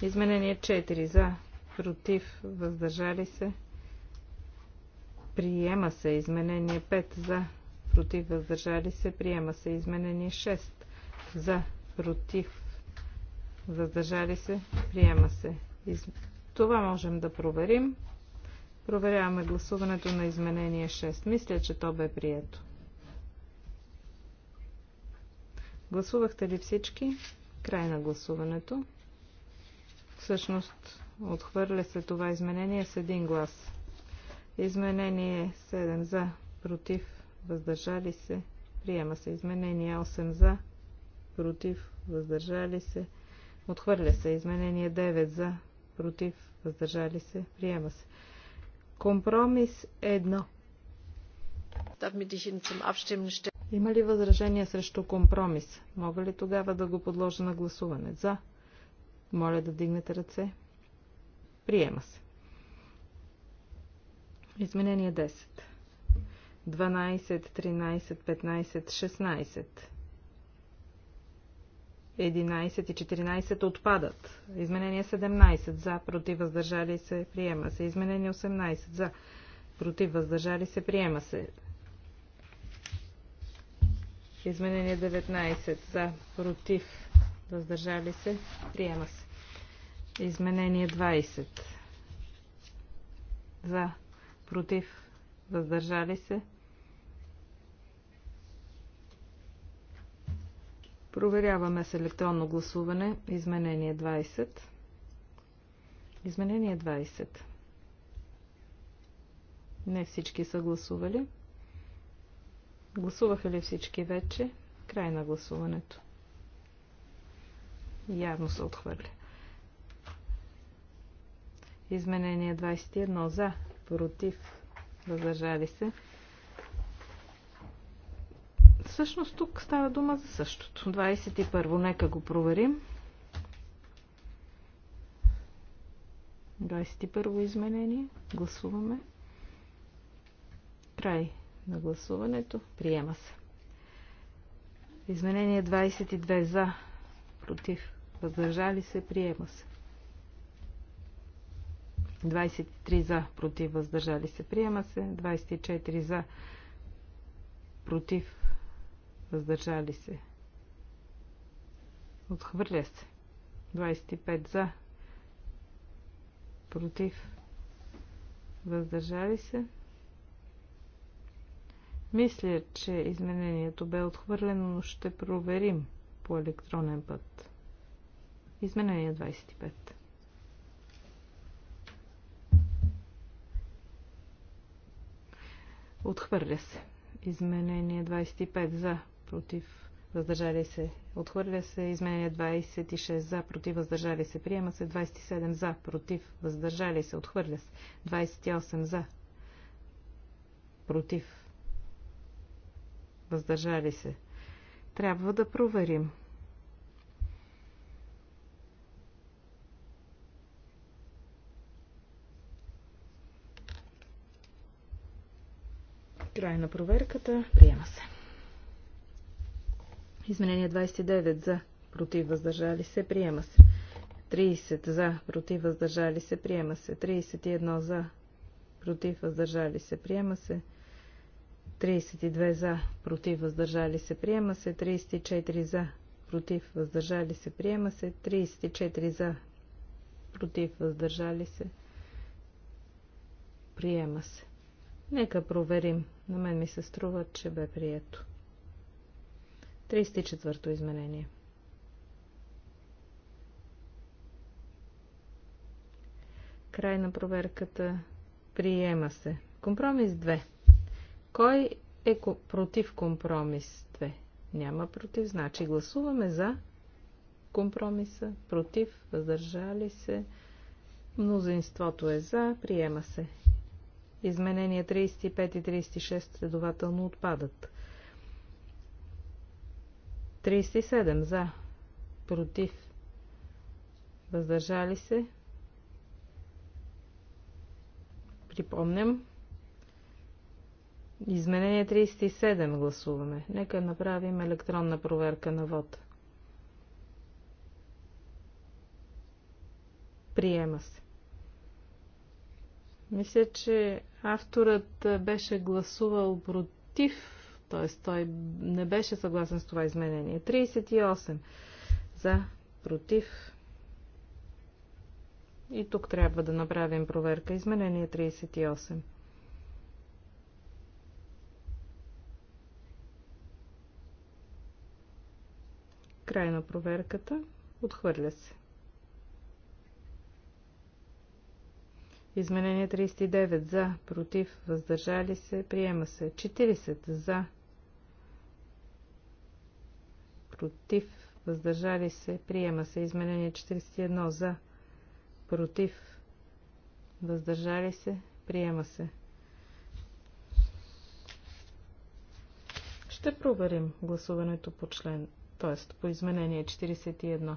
Изменение 4 за, против, въздържали се. Приема се изменение 5 за, против, въздържали се. Приема се изменение 6 за, против, въздържали се. Приема се. Из... Това можем да проверим. Проверяваме гласуването на изменение 6. Мисля, че то бе прието. Гласувахте ли всички? Край на гласуването. Всъщност Отхвърля се това изменение с един глас. Изменение 7 за, против, въздържали се. Приема се изменение 8 за, против, въздържали се. Отхвърля се изменение 9 за, против, въздържали се. Приема се. Компромис 1. Има ли възражение срещу компромис? Мога ли тогава да го подложа на гласуване? За. Моля да дигнете ръце. Приема се. Изменение 10. 12, 13, 15, 16. 11 и 14 отпадат. Изменение 17 за, против, въздържали се, приема се. Изменение 18 за, против, въздържали се, приема се. Изменение 19 за, против, въздържали се, приема се. Изменение 20. За. Против. Въздържали се. Проверяваме с електронно гласуване. Изменение 20. Изменение 20. Не всички са гласували. Гласуваха ли всички вече? Край на гласуването. Явно се отхвърли. Изменение 21 за, против, въздържали се. Всъщност тук става дума за същото. 21. Нека го проверим. 21 изменение. Гласуваме. Край на гласуването. Приема се. Изменение 22 за, против, въздържали се, приема се. 23 за, против, въздържали се, приема се. 24 за, против, въздържали се, отхвърля се. 25 за, против, въздържали се. Мисля, че изменението бе отхвърлено, но ще проверим по електронен път. Изменение 25. Отхвърля се. Изменение 25 за, против, въздържали се. Отхвърля се. Изменение 26 за, против, въздържали се. Приема се 27 за, против, въздържали се. Отхвърля се. 28 за, против, въздържали се. Трябва да проверим. Край на проверката. Приема се. Изменение 29 за, против, въздържали се, приема се. 30 за, против, въздържали се, приема се. 31 за, против, въздържали се, приема се. 32 за, против, въздържали се, приема се. 34 за, против, въздържали се, приема се. 34 за, против, въздържали се, приема се. Нека проверим на мен ми се струва, че бе прието. 34-то изменение. Край на проверката. Приема се. Компромис 2. Кой е против компромис 2? Няма против. Значи гласуваме за компромиса, против, въздържали се. Мнозинството е за, приема се. Изменения 35 и 36 следователно отпадат. 37 за, против, въздържали се. Припомням. Изменение 37 гласуваме. Нека направим електронна проверка на вод. Приема се. Мисля, че Авторът е, беше гласувал против, т.е. той не беше съгласен с това изменение. 38 за, против. И тук трябва да направим проверка. Изменение 38. Край на проверката. Отхвърля се. Изменение 39 за, против, въздържали се, приема се. 40 за, против, въздържали се, приема се. Изменение 41 за, против, въздържали се, приема се. Ще проверим гласуването по член, т.е. по изменение 41.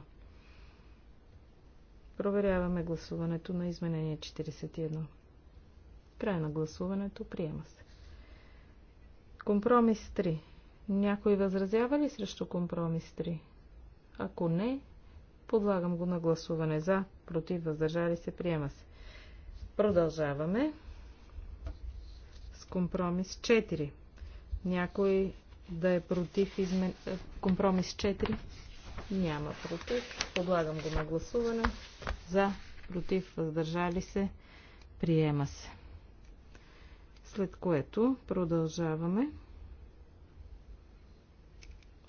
Проверяваме гласуването на изменение 41. Край на гласуването. Приема се. Компромис 3. Някой възразява ли срещу компромис 3? Ако не, подлагам го на гласуване за, против, въздържали се, приема се. Продължаваме с компромис 4. Някой да е против измен... Е, компромис 4? Няма против. Подлагам го на гласуване. За, против, въздържали се. Приема се. След което продължаваме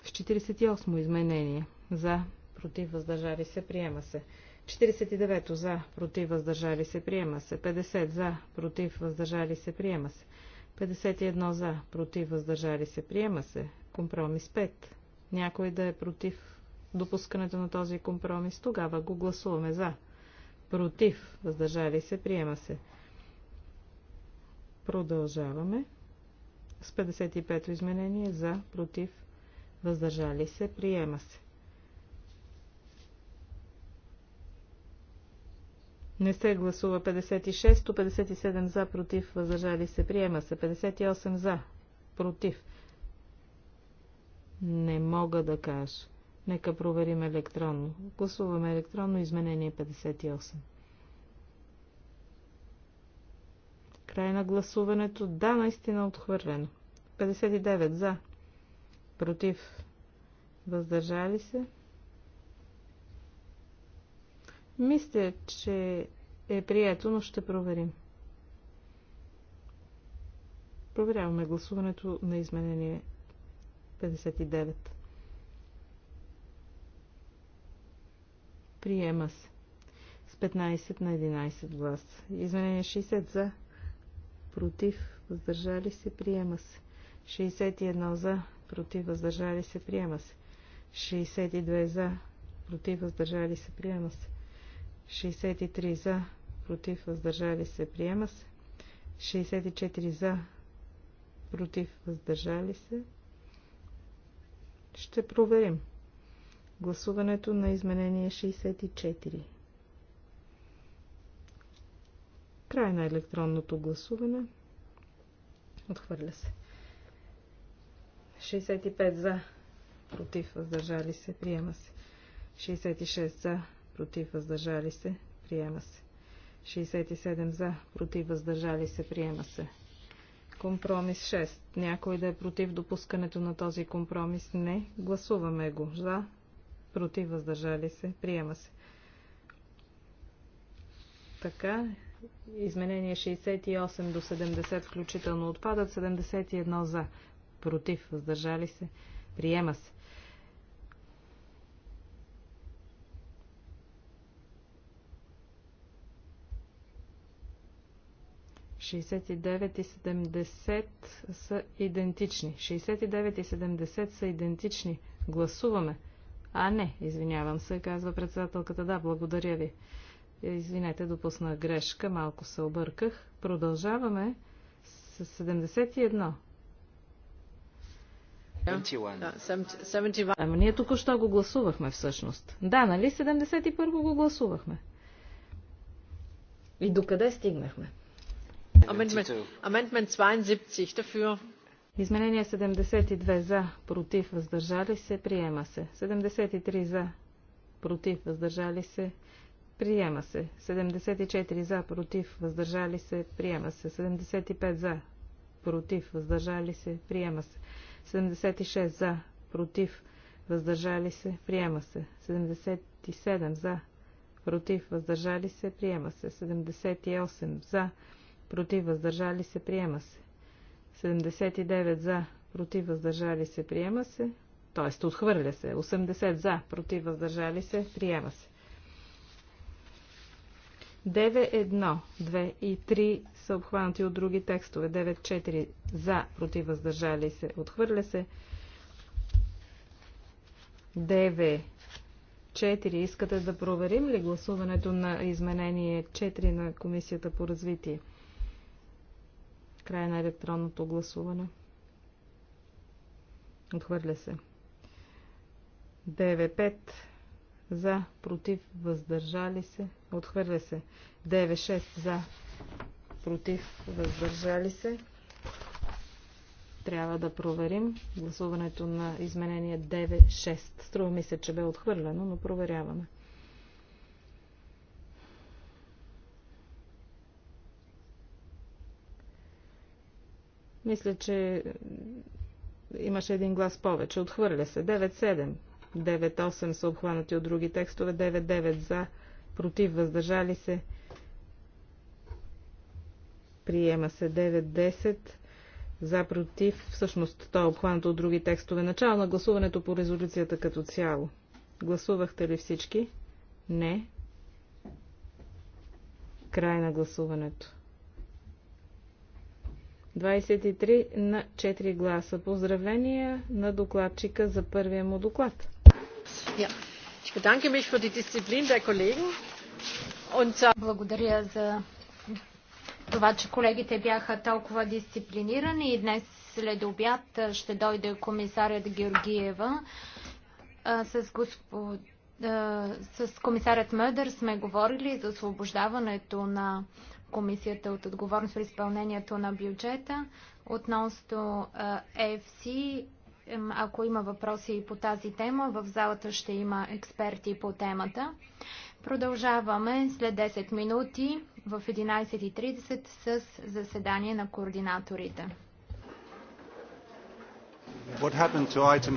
с 48 изменение. За, против, въздържали се. Приема се. 49 за, против, въздържали се. Приема се. 50 за, против, въздържали се. Приема се. 51 за, против, въздържали се. Приема се. Компромис 5. Някой да е против, допускането на този компромис, тогава го гласуваме за. Против, въздържали се, приема се. Продължаваме с 55-то изменение за, против, въздържали се, приема се. Не се гласува 56, 57 за, против, въздържали се, приема се. 58 за, против. Не мога да кажа. Нека проверим електронно. Гласуваме електронно изменение 58. Край на гласуването. Да, наистина отхвърлено. 59 за. Против. Въздържали се. Мисля, че е прието, но ще проверим. Проверяваме гласуването на изменение 59. Приема се. С 15 на 11 глас. Изменение 60 за. Против. Въздържали се. Приема се. 61 за. Против. Въздържали се. Приема се. 62 за. Против. Въздържали се. Приема се. 63 за. Против. Въздържали се. Приема се. 64 за. Против. Въздържали се. Ще проверим гласуването на изменение 64. Край на електронното гласуване. Отхвърля се. 65 за, против, въздържали се, приема се. 66 за, против, въздържали се, приема се. 67 за, против, въздържали се, приема се. Компромис 6. Някой да е против допускането на този компромис? Не. Гласуваме го. За, против, въздържали се, приема се. Така, изменение 68 до 70 включително отпадат, 71 за, против, въздържали се, приема се. и 70 са идентични. 69 и 70 са идентични. Гласуваме. 69 а, не, извинявам се, казва председателката. Да, благодаря ви. Извинете, допусна грешка, малко се обърках. Продължаваме с 71. 71. Ама ние току-що го гласувахме всъщност. Да, нали 71 го гласувахме? И докъде стигнахме? Amendment 72 dafür. Изменение 72 за, против, въздържали се, приема се. 73 за, против, въздържали се, приема се. 74 за, против, въздържали се, приема се. 75 за, против, въздържали се, приема се. 76 за, против, въздържали се, приема се. 77 за, против, въздържали се, приема се. 78 за, против, въздържали се, приема се. 79 за, против, въздържали се, приема се. Тоест, отхвърля се. 80 за, против, въздържали се, приема се. 9.1, 2 и 3 са обхванати от други текстове. 9.4 за, против, въздържали се, отхвърля се. 9. 4. Искате да проверим ли гласуването на изменение 4 на Комисията по развитие? Край на електронното гласуване. Отхвърля се. 9-5 за, против, въздържали се. Отхвърля се. 9-6 за, против, въздържали се. Трябва да проверим гласуването на изменение 9-6. Струва ми се, че бе отхвърлено, но проверяваме. 9 Мисля, че имаше един глас повече. Отхвърля се. 9-7. 9-8 са обхванати от други текстове. 9-9 за. Против. Въздържали се. Приема се 9-10 за против. Всъщност то е обхванато от други текстове. Начало на гласуването по резолюцията като цяло. Гласувахте ли всички? Не. Край на гласуването. 23 на 4 гласа. Поздравления на докладчика за първия му доклад. Благодаря за това, че колегите бяха толкова дисциплинирани и днес след обяд ще дойде комисарят Георгиева. С, господ... с комисарят Мъдър сме говорили за освобождаването на комисията от отговорност при изпълнението на бюджета. Относно ЕФС, ако има въпроси по тази тема, в залата ще има експерти по темата. Продължаваме след 10 минути в 11.30 с заседание на координаторите. What happened to item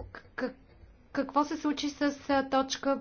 57? Какво се случи с точка